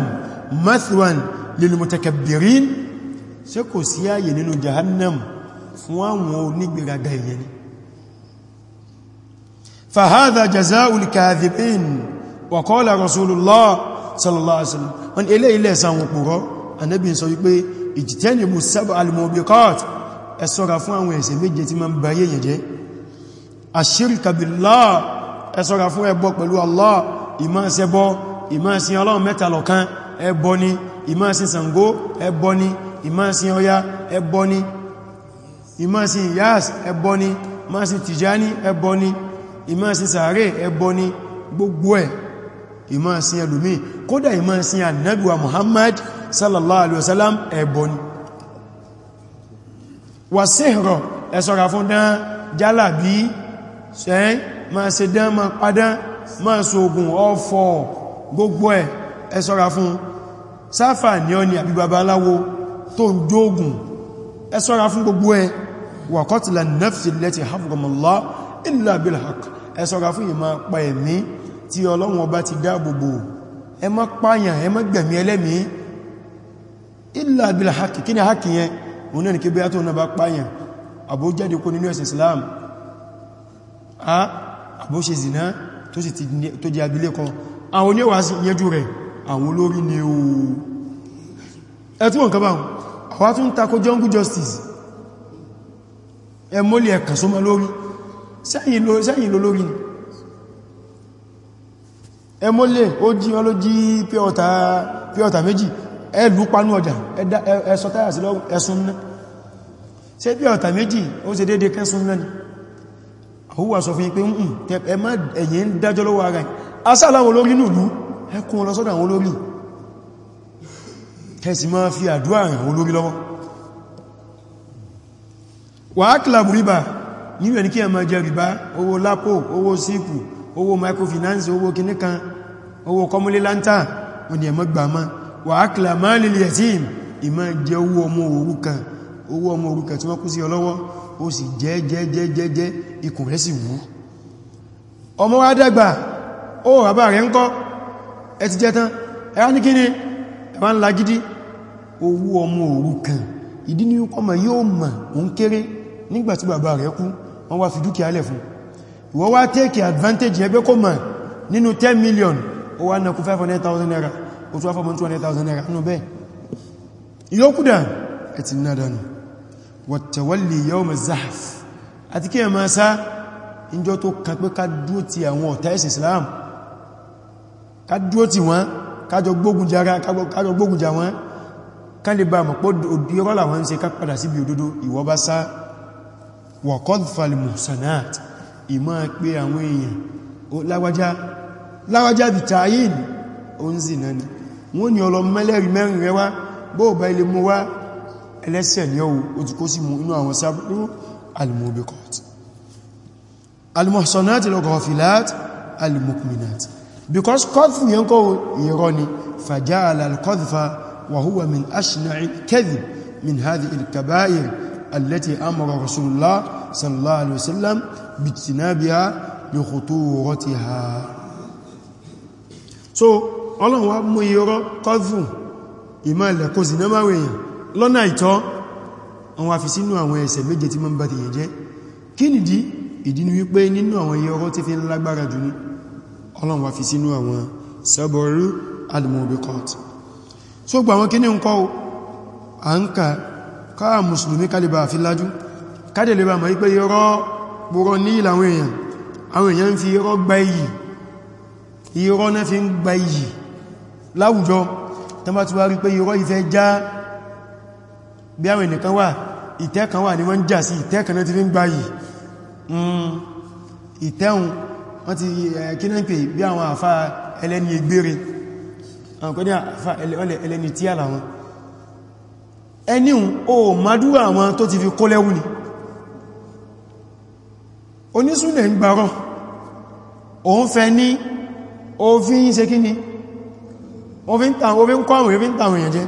mathwan lilmutakabbirin ṣé kò sí ààyè nínú jahannam fún àwọn onígbèraga èyẹ ni fahadha jazaa'ul kadhibin wa qala rasulullah sallallahu alaihi wasallam wọn ilé ilẹ̀ sàwọn òpùrọ́ anábi sọ wípé ijtanibu sab'a al-mubiqat ẹ ṣọ́ra fún àwọn ẹ̀ṣẹ̀ méje tí ma ń pẹ̀lú Allah ìmá ṣẹbọ ìmọ́sìn ọlọ́run mẹ́ta lọ́kan ẹbọ ni ìmọ́sìn Ṣàngó ẹbọ ni ìmọ́sìn Ọya ẹbọ ni ìmọ́sìn Ìyáàs ẹbọ ni ìmọ́sìn Tìjání ẹbọ ni ìmọ́sìn sàárè ẹbọ ni gbogbo ẹ̀ ìmọ́sìn ẹlòmí kódà ìmọ́sìn Ànábì Muhammad sallallahu alaihi wasallam ẹbọ ni wà síhìrọ̀ ẹ ṣọ́ra fún dán jálàbí ṣẹ́ gbogbo ẹ̀ ẹ ṣọ́ra fún sáfà ní ọ ni àbí babaláwo tó ń jóògùn ẹ ṣọ́ra fún gbogbo ẹ̀ wà qatla nafsi allati harramallah illa bil haqq ẹ ṣọ́ra fún ìmá pa ẹ̀mí tí Ọlọ́run ọba ti dáàbòbò ẹ má pààyàn ẹ má gbẹ̀mí ẹlẹ́mí illa bil haqq kí àwọn oníwà yẹjú rẹ̀ àwọn olórí ni o ẹ̀tún wọn kọba àwọn tún takò jungle justice ẹ mọ́lẹ̀ ẹ̀kà só mọ́ lórí sẹ́yìn lólórí ni ẹ mọ́lẹ̀ ó jí wọn ló jí pẹ́ọ̀tà méjì ẹ lù pánú ọjà ẹ sọ táyà sí lọ́rùn ẹ̀sùn náà ṣe pẹ́ọ̀tà méjì ó ṣe déédé kẹ́sùn náà asáàláwọn olórí nìlú ẹkùn lọ sọ́dọ̀ àwọn olórí kẹsì máa fi àdúrà àwọn olórí lọ́wọ́ wà á kìlàbù ríbà níwẹ̀ ní kí ẹ máa jẹ ríbá owó lápò owó síkù owó microfinance owó kìníkan owó kọmúlé láńtà òní ẹ̀mọ́ gbàmá wà á kìlà máa lè lè ẹ̀tìm ìmá jẹ owó ọmọ òrukàn owó ọmọ òrukàn tí wọ́n kú sí ọlọ́wọ́ ó sì ó bàbá rẹ̀ ń kọ́ ẹ ti jẹ́ tán ẹ̀rá ní kíni ẹ̀rá ń lagidi owó ọmọ òrukàn ìdí ní ọmọ yóò mọ̀ òun kéré nígbàtí bàbá rẹ̀ kú wọ́n wá fi dúkìá lẹ̀ fún ìwọ wá take advantage ẹgbẹ́ kó mọ̀ nínú 10 million ó wá nàkú 500,000 naira ó tún wá fọ́mọ́ naira nínú bẹ́ẹ̀ ìyókùdà ẹ̀ ti náà dánù wàtàwàlì yawm az-zahf àti kí ẹ máa sá ìjọ tó kàn pé ká dúó ti àwọn ọ̀tá ẹ̀sìn Islam ká dúró tì wọ́n kájọ gbógun jà wọ́n ká lè bá mọ̀ pọ́ òbí rọ́là wọ́n ń ṣe ká padà síbi òdodo ìwọ bá sá wa qadfal muhsanat ìmọ́ pé àwọn èèyàn láwájá láwájá bí tayin ó ń zì ni wọ́n ni ọlọ mẹ́lẹ́rì mẹ́rin rẹ wá bó bá ilé because qadhfu yẹn kọ́ irọ́ ni faja'ala al-qadhfa wa huwa min ashna'i al-kadhib min hadhihi al-kaba'ir التي أمر رسول الله صلى الله عليه وسلم باجتنابها لخطورتها so ọlọ́run wá náà máwẹ̀ èèyàn lọ́nà ìtọ́ kí nìdí ìdí ni wípé nínú àwọn irọ́ tí fi ń lágbára jù ní ọlọ́run wá fi sínú àwọn sẹ́bọ̀rú al so gbà wọn kí ní ń kọ́ à ń ka káà mùsùlùmí kálìbà àfi lájú kádẹ̀lẹ́bà ma wípé irọ́ gbọ́rọ̀ ní ìlàwọn èèyàn àwọn èèyàn ń fi irọ́ gba iyì irọ́ náà fi ń gba iyì láwùjọ tán wà ní wọ́n ń jà sí ìtẹ́ náà ti fi ń gba hmm, ìtẹ́hun wọ́n ti kínáńpé bí àwọn àfá ẹlẹ́ni egbére àwọn kọ́ ní àfá ẹlẹ́ni tí àlàwọn ẹniun o madúwà àwọn tó ti fi kó lẹ́wù ni onísúnlẹ̀ ń gbárọ̀ òun fẹ́ ní òfin ṣe kí ni òfin kọ́ àwọn òfin tàwọn èèyàn jẹ́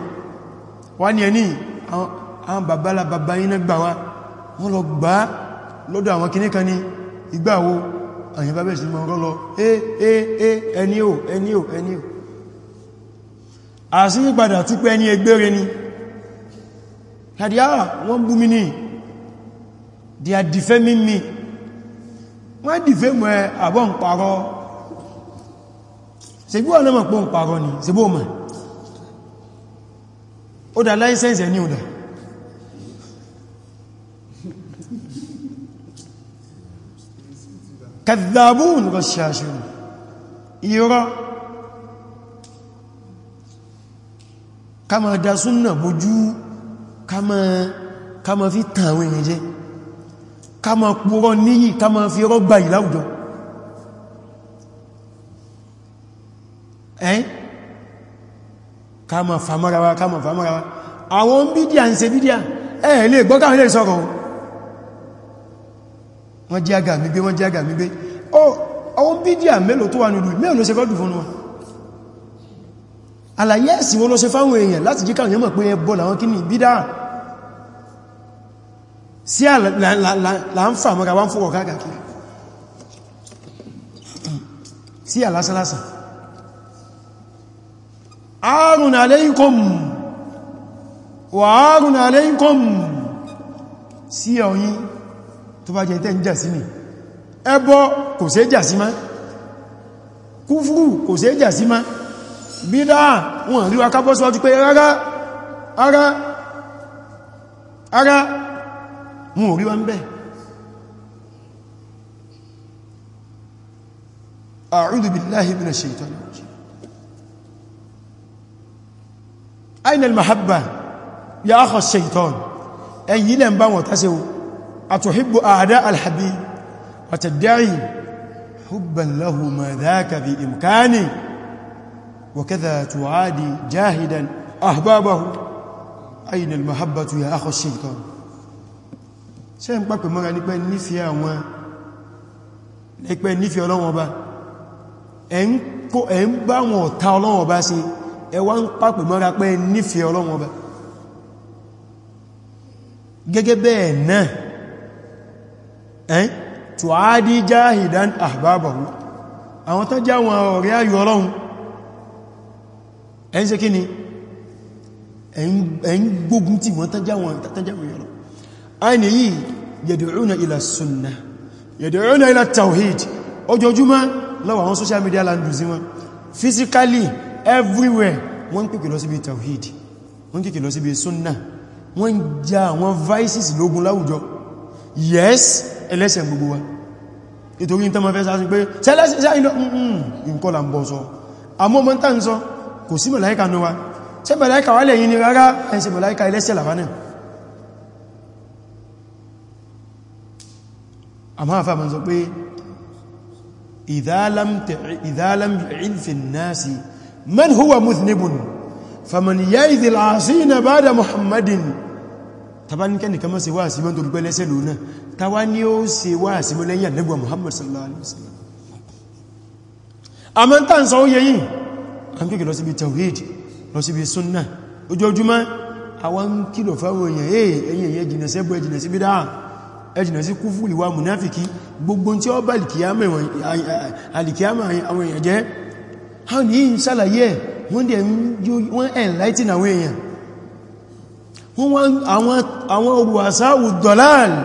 wà ní ẹni àwọn bàbálà bàbá iná gbà wá wọ́n lọ àyìn bá bẹ̀rẹ̀ sí mọ́ rọ́lọ ẹni ò ẹni ò ẹni ò àṣíyípadà tí pẹ́ ní ẹgbẹ́rẹ ni kàdíyàwà ah, wọ́n bú mi ní they are defaming me wọ́n defame ẹ àbọ́ ń parọ́ ṣègbó ọ̀nà mọ̀ pọ́ ń parọ́ ni ṣègbó mọ̀ ó dá láìsẹ́ǹsì ẹni ò dáa kàdàbùn rọ̀ṣàṣùn irọ́ ká ma dá súnnà bójú ká ma fi tàn àwọn èèyàn jẹ ká ma púrọ́ níyì ká ma fi rọ́ gbà ìláwùjọ ẹ́n ká ma fàmárawa ká àwọn bídíà ń ṣe bídíà ẹ̀ẹ́ lè gbọ́kàwẹ́ lè sọ́kọ̀ọ́ wọ́n jí àgà mi gbé wọ́n jí àgà mi gbé ọwọ́n bídíà mélòó tó wà nílù mélòó ló ṣe fẹ́ dùn fún wọn àlàyé ẹ̀sìn wọn ló ṣe fáwọn èèyàn láti jí káwọn mọ̀ pé ẹbọ làwọn kí ní bídá sí àlàáfà mọ́ra wá ń fòrọ̀ káàkiri sí àlásálásà àrùn alaykum wà àrùn alaykum sí ọ̀yìn tó bá jẹ́ tẹ́ ń jà sí ni ẹbọ kò ṣe jà sí má kúfúrù kò ṣe jà sí má bídá wọn rí wakábọ́ síwájú pé rárá ara ara mú orí wa ń bẹ̀ aina al-mahabba ya akha ash-shaytan ẹ̀yìn ilẹ̀ ń bá wọn tásẹ̀wò أتحب أعداء الحبيب وتدعي حبا له ما ذاك بإمكاني وكذا تعادي جاهدا أحبابه أين المحبة يا أخو الشيطان ṣe ń pàpẹ̀ mọ́ra nípẹ́ nífẹ́ àwọn nípẹ́ nífẹ́ ọlọ́wọ́n bá ẹ̀ ń bá wọn ọ̀tá ọlọ́wọ́n bá sí ẹwà ń pàpẹ̀ mọ́ra pẹ́ nífẹ́ ọlọ́wọ́n gẹ́gẹ́ bẹ́ẹ̀ náà ẹ́n tó á dí jáhìdán àbábọ̀wó àwọn tó já wọn ọ̀rẹ́ ayò ọlọ́run ẹ́n ṣe kí ni ẹ́n gbógun tí wọ́n tó já wọn ọ̀rọ̀ ayni yìí yẹ̀dùrúnà ila sunna yẹ̀dùrúnà ila tawhid ojoojúmọ́ lọ́wọ́ social media landruzí wọn physically everywhere wọ́n kìkì lọ síbi tawhid wọ́n kìkì lọ síbi sunna wọ́n já àwọn vices lógun láwùjọ yes ẹlẹ́ṣẹ̀ gbogbo wa ìtorí tán ma fẹ́ sáà sí pé sẹ́lẹ́sẹ̀ ìkọlà mm, mm, mm, ń bọ̀ sọ àmọ́ mọ́ tán sọ kò sí màláíkà náà wa ṣe màláíkà wà lẹ́yìn ni rárá ẹ̀ṣẹ̀ màláíkà ẹlẹ́ṣẹ̀ làwá náà àmọ́ àfà mọ́ sọ pé ìdálám tàbá ní kẹ́nìkan mọ́ ṣe wá sí mọ́ tó gbẹ́ lẹ́sẹ̀ lónà tàwá ní ó ṣe wá sí mọ́ lẹ́yìn àdẹ́gbà Muhammad sallallahu alaihi wasallam àmọ́ tà ń sọ ó yẹ yìí a ń kéèkì lọ síbi tawhid lọ síbi sunna ojoojúmọ́ àwọn kìlọ̀ fáwọn èèyàn wọ́n enlighten àwọn èèyàn àwọn olùwàsáwù dọ̀láàlì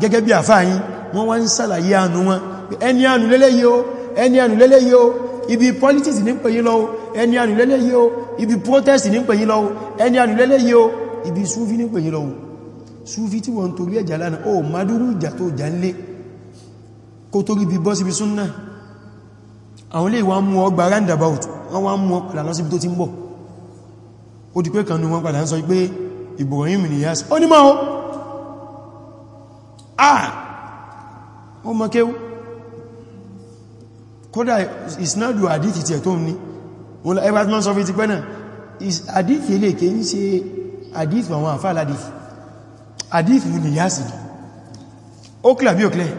gẹ́gẹ́ bí àfáyín wọ́n wá ń sàlàyé ànú wọn ẹni ànú lélẹ́yìí o ẹni ànú lélẹ́yìí o ibi politics ní pẹ̀yí lọ ẹni ànú lélẹ́yìí o ibi protest ní pẹ̀yí lọ ẹni ànú lélẹ́yìí o ibi súfí ní pẹ̀yí lọ súfí tí wọ́n torí ẹjà lánàá o madúrú ìjà tó jà ń lé kó torí bí bọ́sí bí súnnà àwọn ilé ìwọ̀n mú ọgbà roundabout wọ́n Ibrahim Niyas ó ní máa ah ó mọ́ kéwú kódà ìsinádù àdífì tí ẹ̀ tó ń ní wọ́n ẹgbà tí wọ́n sọ fi ti pẹ́ náà àdífì ilé kè ń ṣe àdífì àwọn àfáàládìfì àdífì Niyas ó kílà bí òkílẹ̀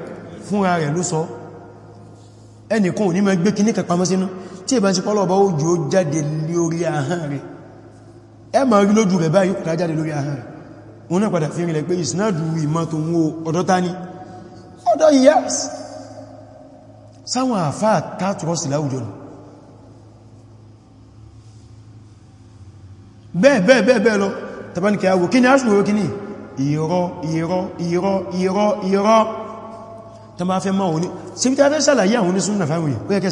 fúnra rẹ̀ ló sọ ẹnìkan ò ní ẹ ma rí lójú rẹ̀ báyìí kùtà jáde lórí ahọ́n wọn náà padà fi rí lẹ pé ìsinádù ìmọ́ tó ń wo ọ̀dọ́ ta ní ọ̀dọ́ yes sáwọn àfá tààtùrọ́sì láwùjọ nù bẹ́ẹ̀ bẹ́ẹ̀ bẹ́ẹ̀ lọ tàbánikẹ̀ kí ni aṣùgbò kí ni irọ́ irọ́ irọ́ irọ́ irọ́ tó máa fẹ́ mọ́ òní sí bí tàbí sàlàyé àwọn onísúnnà fáwọn yìí pé ẹkẹ́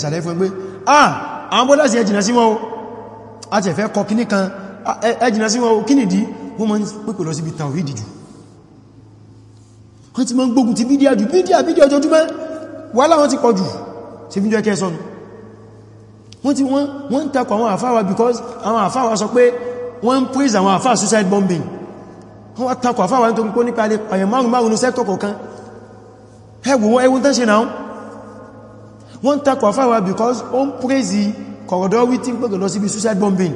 ah àwọn bọ́lá sí ẹjìnà sí wọ́n ó a tẹ̀fẹ́ ẹjìnà sí wọn kí nìdí wọ́n ma ń pẹ́pẹ̀ lọ sí ibi tàwídì jù wọ́n ti ma ń gbógun ti bídíà jù bídíà bídíà ọjọ́júmọ́ wà láwọn ti pọ̀ jù ṣe bí jẹ́ sọ́nù wọ́n ti wọ́n ń takọ̀ àwọn àfáwà because àwọn àfáwà sọ pé wọ́n ń praise àwọn àfáà suicide bombing wọ́n wá takọ̀ àfáwà nítorí wọ́n ẹwọ́n tán ṣe because ó ń praise kọ̀rọ̀dọ́wí tí ń pẹ̀gẹ̀ lọ síbi suicide bombing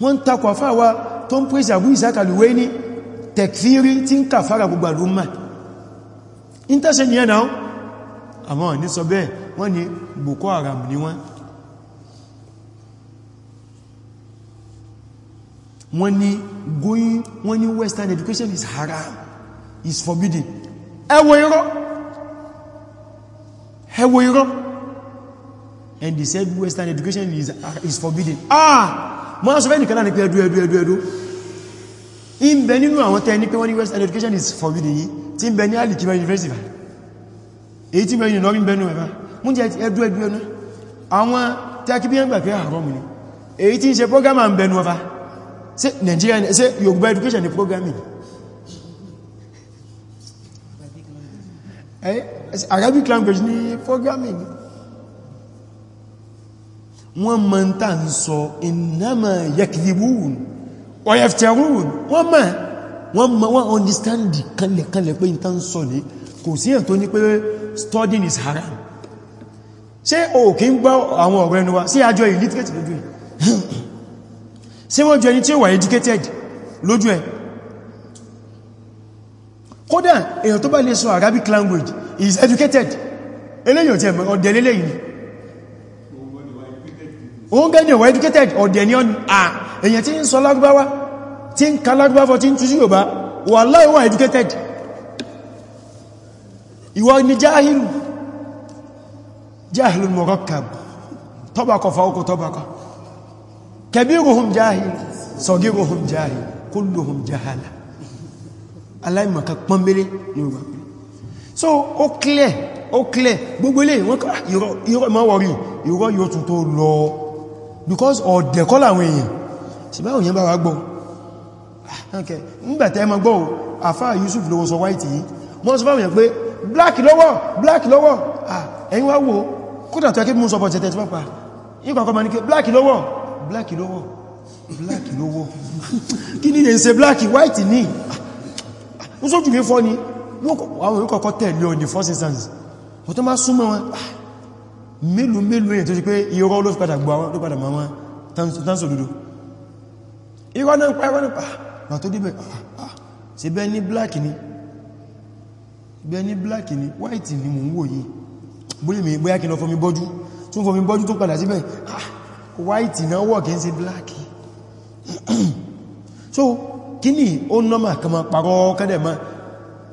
wọ́n takọ̀ àfáàwà tó ń pèsè àbú ìsákàlùwé ní tẹ̀kfírí tí ń kàfàrà gbogbo àlúmà ìntẹ́ṣẹ́ ni ẹ̀nà àwọn ní sọ bẹ́ẹ̀ wọ́n ní Boko Haram ni wọ́n wọ́n ní going wọ́n ní Western education is haram is forbidden ẹwọ irọ́ ẹwọ irọ́ and they said Western education is, is forbidden ah ma sọ fẹ́ nìkan náà ní pé ẹdú ẹdú ẹdú ẹdú in bẹ nínú àwọn tẹ́ ní pé wọ́n ní west education is for forbidden yìí tí ń bẹ ní alikima university èyí tí mẹ́rin lọ́rin bẹnu ẹ̀bá mú jẹ́ ẹdú ẹdú ẹdú àwọn tẹ́kíbíyàn gbà pé àrọ́ mú ní èyí tí ń ṣe program à ń bẹnu ọba ṣe Nigeria ṣe Yorùbá education ni programming eh, Arabic language ni programming wọ́n mọ̀ ń tà ń sọ innama yakdhibun wa yaftarun wọ́n mọ̀ wọ́n mọ̀ wọ́n understand kanlẹ̀kanlẹ̀ pé ìta ń sọ ní kò sí ẹ̀ tó ní pé studying is haram ṣe o kí ń gbọ́ àwọn ọ̀rọ̀ ẹnu wa sí àjọ illiterate lójú ẹ̀ ṣe wọ́n jọ ẹni tí ó wà educated lójú ẹ̀ kódà èèyàn tó Arabic language is educated eléyìn ọ̀tẹ̀ ọ̀dẹ̀lélẹ́yìn òun gẹ́ni ọ̀wọ̀ educated ọ̀dẹ̀ ni èyàn tí ń sọ lágbáwá tí ń ka lágbáwá tí ń tú sí Yorùbá wà láìwọ̀n educated ìwọ ni jáhìlù jáhìlù murakkab tọ́bakọ̀ fàókò tọ́bakọ̀ kabiruhum jáhìlù sọ̀gíruhum jáhìlù kulluhum jahala aláìmọ̀ká pọ́nbélé ní Yorùbá so o clear o clear gbogbo ilé ìwọ́n kọ́ ah, ìrọ̀ ìmọ̀ wọ̀rí ìrọ̀ yóò tún tó lọ because ọ̀dẹ̀ kọ́ làwọn èèyàn sì báwọn èèyàn bá wà gbọ́ ah, okay nígbàtẹ́ ẹmọ gbọ́ àfá Yusuf lówó sọ white yìí wọ́n sọ fáwọn èèyàn pé black lọ́wọ́ black lọ́wọ́ ah, ẹ̀yin wá wo kódà tó ẹkẹ́ mú sọpọ̀ tẹ́tẹ́ tí wọ́n pa ìkọ̀kọ́ ma ní kí black lọ́wọ́ black lọ́wọ́ black lọ́wọ́ kí ní lè ṣe black white ní ń ah, sójú instance wọ́n tó má mélòó mélòó èyàn tó ṣe pé irọ́ ló padà gbọ́ àwọn tó padà máa tánsò dúdú irọ́ náà pa irọ́ nípa wà tó débẹ̀ ah, ah, ṣe bẹ́ ní black ni bẹ́ ní black ni white ni mò ń wò yìí bóyí mi bóyá kí lọ fọmi bọ́jú tún fọmi bọ́jú tó padà síbẹ̀ ah, white náà wọ̀ kí ń ṣe black so kí ni ó nọ́mà kan ma parọ́ kẹ́dẹ̀ ma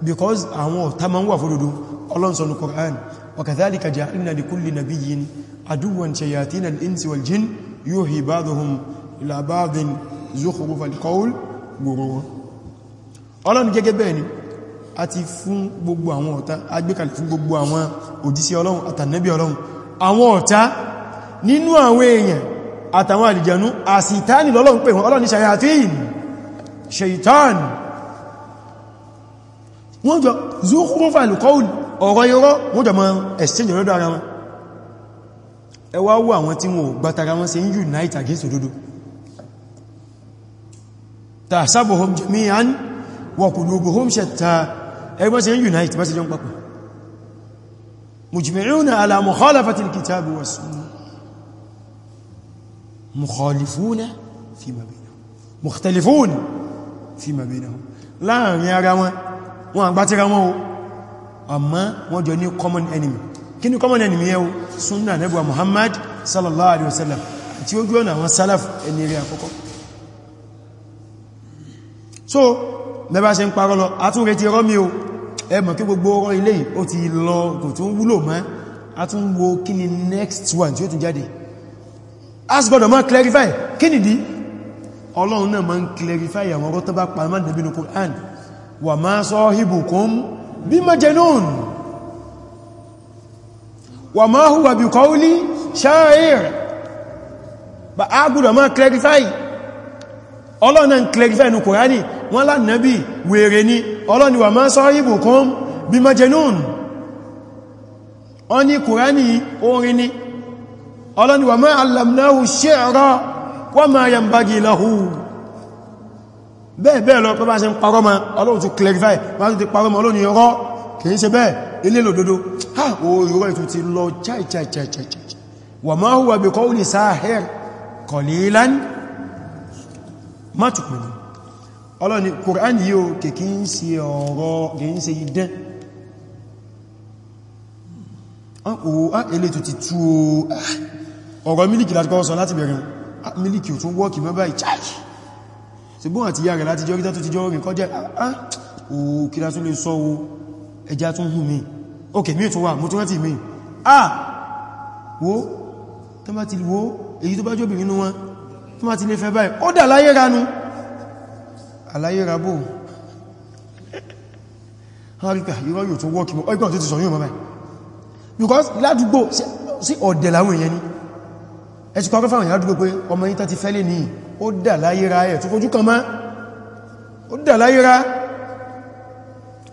because àwọn ọ̀tá ma ń wà fódòdó ọlọ́nsọ́nù Kọ̀ránì وكذلك جعلنا لكل نبي عدوا شياطين الإنس والجن يوهي بعضهم إلى بعض زخرف القول غرورا ọlọ́run gẹ́gẹ́ bẹ́ẹ̀ ni a ti fún gbogbo àwọn ọ̀tá agbékalẹ̀ fún gbogbo àwọn òjíṣẹ́ ọlọ́run àtànẹ́bí ọlọ́run àwọn ọ̀tá nínú àwọn èèyàn àtàwọn àlìjẹ̀nú àsìtáni lọ́lọ́run pè ọlọ́run ní ṣayatín ṣaitán wọ́n jọ zukhrufal qawl ọ̀rọ̀ irọ́ wọ́n jọ mọ́ exchange lọ́dọ̀ ara wọn ẹ wá wo àwọn tí wọ́n gbátara wọn ṣe ń unite against òdodo tahsabuhum jami'an wa qulubuhum shatta ẹgbọ́n ṣe ń unite bá ṣe jọ ń papọ̀ mujmi'una ala mukhalafati al-kitabi wa sunna mukhalifuna láàrin ara wọn wọn àgbátira wọn o àmọ́ wọ́n jọ ní common enemy kí ni common enemy yẹ́ o sunna nebuwa muhammad sallallahu alaihi wasallam àti ojú ọ̀nà àwọn salaf ẹni rí àkọ́kọ́ so mẹ́bá ṣe ń parọ́ lọ àtúnrẹ ti rọ́ mi o ẹ mọ̀ kí gbogbo ọ̀rọ̀ ilé ó ti lọ kò tún wúlò mọ́ a wo kí ni next one tí ó tún jáde ask God ma clarify kí nìdí ọlọ́run náà ma ń clarify àwọn ọ̀rọ̀ tó bá pa mọ́ nínú Qur'an wa ma bí majnun wa ma huwa bí qawli sha'ir bá a gbọ́dọ̀ máa clarify ọlọ́nà ń clarify ní kòránì wọ́n lánàbí wèrè ni ọlọ́ni wa ma sahibukum bí majnun wọ́n ní kòránì orin ni ọlọ́ni wa ma allamnahu shi'ra bẹ́ẹ̀ bẹ́ẹ̀ lọ pẹ́bá ṣe ń parọ́ ma ọlọ́run ti clarify bá ti parọ́ ma ọlọ́run yọrọ kìí ṣe bẹ́ẹ̀ ilé lòdodo ha oòrùn ìtù ti lọ cháìcháìcháìcháì wà máa hùwà bí kọ́ ní sáàhẹ́r kọ̀lílán mátukùnrin ọlọ́ni Qur'an ṣùgbọ́n àti yà rẹ̀ láti jọ ríta tó ti jọ rìn kọjẹ́ àá oó lè sọ o ẹja tún hù mí ok mí tún wà mú tún rántí mí àà ah, wo tó bá ti wo èyí tó bá jọ bìnrin wọn tó bá ti lè fẹ́ báyìí ó dà láyéra nu aláyéra bò hàn rí pé ah, yóò tó ti ó dà láyéra ẹ̀ tó fojú kan mọ́ ó dà láyéra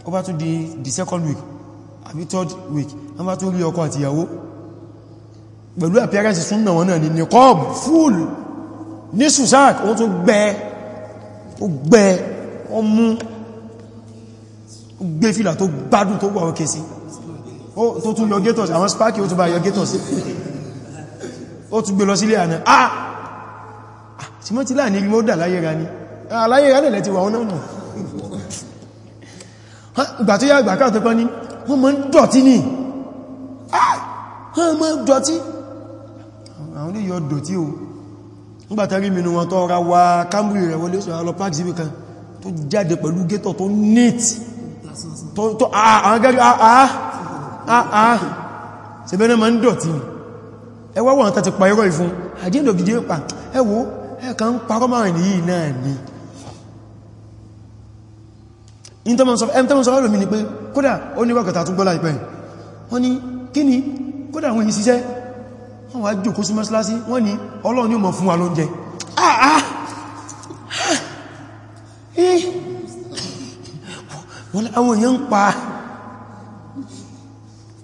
ó bá tún di the second week àbí third week a bá tún rí ọkọ àti ìyàwó pẹ̀lú appearance súnnà wọn náà ni niqab full ní susak wọ́n tún gbẹ ó gbẹ ó mú gbé fìlà tó gbádùn tó wà ókè sí tó tún yọ gators àwọn spark ó tún bá yọ gators ó tún gbé lọ sílé àná ah ṣùgbọ́n tí láàrin mo dà láyé ra ní aláyé ra nílẹ̀ ti wà ọ́nà ọ̀nà ìgbà tó yá ìgbà káà tó kọ́ ní wọ́n mọ́ ń dọ̀tí ní wọ́n mọ́ ń dọ̀tí àwọn ní yọ dọ̀tí o nígbàtàrí mínú wọn tó ra wa kámbrí rẹ̀ wọlé sọ alọ park síbì kan tó jáde pẹ̀lú gétọ̀ tó neat tó àwọn gẹ́gẹ́ àà ṣe bẹ́ẹ̀ náà mọ́ ń dọ̀tí ẹwọ́ wọn tàti pa irọ́ ìfún àjẹ́ndọ̀ gidi pa ẹwọ́ ẹ̀kà ń parọ́ máa ní yìí náà ni in tọ́mọ̀ sọ ọ́lọ́mí ni pé kódà ó ní wákàtà tún gbọ́lá ìpẹ́ wọ́n ni kí ni kódà wọ́n yìí ṣiṣẹ́ wọ́n wá jòkó sí mọ́sálásí wọ́n ni Ọlọ́run ni ó mọ̀ fún wa lóúnjẹ ah, ah. Eh. àwọn èèyàn ń pa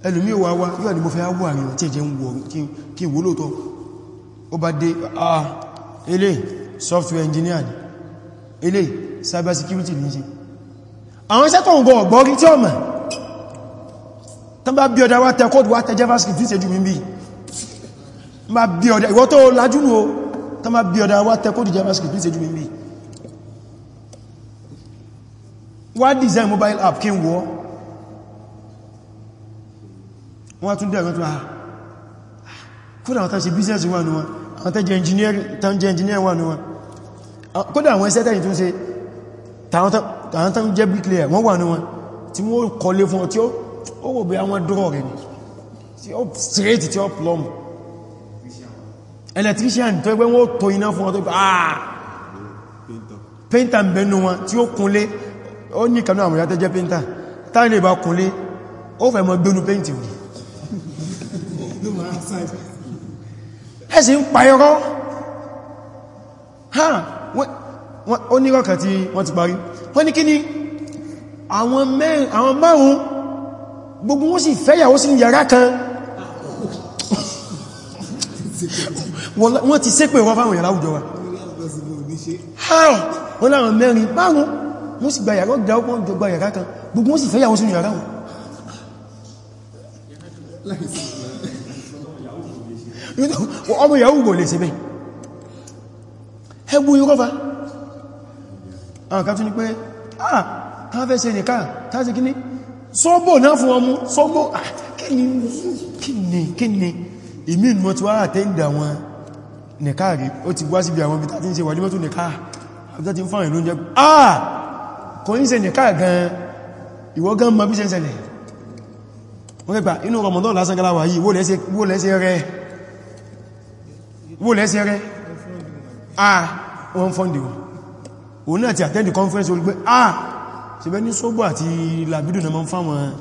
ẹlùmí wà wá yóò ni mo fẹ́ wà rí wọn tí ẹ̀jẹ̀ ń wọ̀ kí wó lóòtọ́ ó bá dé àà ah ilé software engineer ni ilé cyber security ní ṣe àwọn iṣẹ́ tó ń gọ ọ̀gbọ́rí tí ọmọ tán bá bí ọ̀dá wá tẹ kóòdù wá tẹ javascript ní ṣejú mi bí ma bí ọ̀dá ìwọ́ tó lájú ní o tán bá bí ọ̀dá wá tẹ kóòdù javascript ní ṣejú mi bí wá design mobile app kí n wọ́ wọ́n tún dẹ̀ ẹ̀rọ wọ́n tán ah, ah, business wà ní àwọn tẹ́jẹ engineer wà ní wọn ah, kódà àwọn iṣẹ́ tẹ́yìn tó ń ṣe àwọn tán jẹ́ bricklayer wọ́n wà ní wọn tí wọ́n kọlé fún ọ tí ó wò bí àwọn dúrọ̀ rẹ̀ ní tí ó straight tí ó plumb electrician tó ẹgbẹ́ wọ́n tó iná fún ọ tó ah painter bẹnu wọn tí ó kúnlé ó ní kanú àwọn ìyàtẹ́jẹ́ painter táà lè bá kúnlé ó fẹ́ mọ́ gbénu painting ẹ̀sì ń pa ẹ̀rọ ha ó ní rọ́kà tí wọ́n ti parí wọ́n ní kí ni àwọn márùn-ún gbogbo wọ́n sì fẹ́yàwó sí yàrá kan wọ́n ti sépè wọ́n fáwọn yàrá òjò wa wọ́n láwọn mẹ́rin márùn wọ́n sì gba yàrá ọ̀dá ọkùn yàrá kan gbogbo wọ́n sì fẹ́yàwó sí yàrá wọn ọmọ yahoo gò lè ṣe bẹ́ ẹgbù irọ́fà àwọn kan tún ní pé ah tán fẹ́ ṣe nìkan tán sí kíní sọ́bọ̀ náà fún ọmú sọ́bọ̀ ah, kíni kíni ìmí ìmọ̀ tí wá àtẹ́ ìdà wọn nìkan rí ó ti gbá síbi àwọn ibi tàbí ṣe ah kò ní ṣe nìkan gan ìwọ gan mọ́ bí ṣe ń ṣẹlẹ̀ wọ́n gẹ́gbà inú Ramadan lásán galáwà wó lẹ́sẹ̀ rẹ̀ ah wọ́n fọ́ndì wọn òun náà ti attend the conference olùgbé ah ṣe bẹ́ ní sógbò àti labidu na ma ń fáwọn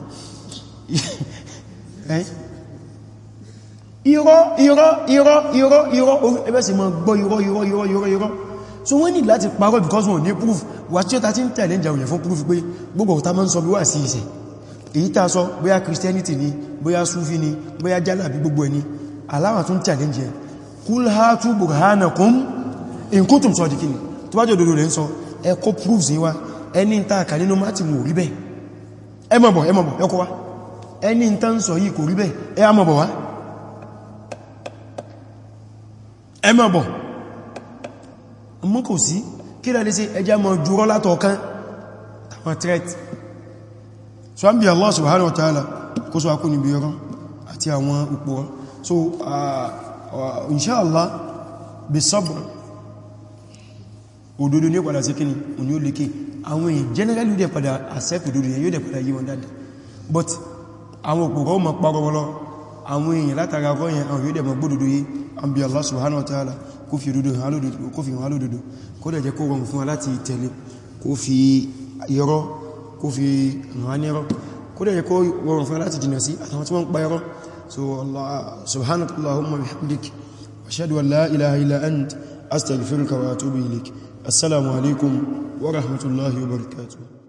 irọ́ irọ́ irọ́ irọ́ irọ́ ẹgbẹ́ sì ma gbọ́ irọ́ irọ́ irọ́ irọ́ irọ́ so wọ́n ní láti parọ́ because wọ́n ní proof wà tí ó ta ti ń tẹ̀lé ìjàwòyẹ̀ fún proof pé gbogbo ọ̀ta ma ń sọ bí wà sí ìṣẹ̀ èyí ta sọ bóyá Christianity ni bóyá Sufi ni bóyá jálàbí gbogbo ẹni aláwà tún tẹ̀lé ìjẹ̀ kul hatu burhanakum in kuntum sadiqin tó bá jẹ́ òdodo lẹ ń sọ ẹ proofs yín wá ẹni ta kà nínú mati mo rí bẹ́ẹ̀ ẹ mọ̀ bọ̀ ẹ mọ̀ bọ̀ ẹ kó wá ẹni ta ń sọ yìí kò rí bẹ́ẹ̀ ẹ á wá ẹ mú kò sí kí Allah subhanahu wa ta'ala kó sọ akúnibí ọ̀rọ̀ àti àwọn so uh, inṣáàlá bí sọ́bùrù òdòdó ní padà sí kíni òní ó lékè àwọn èèyàn generally dẹ̀ padà accept òdòdó yẹn yóò dẹ̀ padà yí wọn dáadáa but àwọn òpòrò ọmọ parọ́ wọn lọ àwọn èèyàn látara ọ̀rọ̀ yẹn àwọn yóò dẹ̀ mọ̀ gbódòdó Allah subhanahu wa ta'ala kó fi òdòdó hàn alódòdó kó dẹ̀ jẹ́ kó rọrùn fún wa láti tẹ̀lé kó fi irọ́ kó fi hàn nírọ́ kó dẹ̀ سبحانك اللهم بحمدك أشهد أن لا إله إلا أنت أستغفرك وأتوب إليك السلام عليكم ورحمة الله وبركاته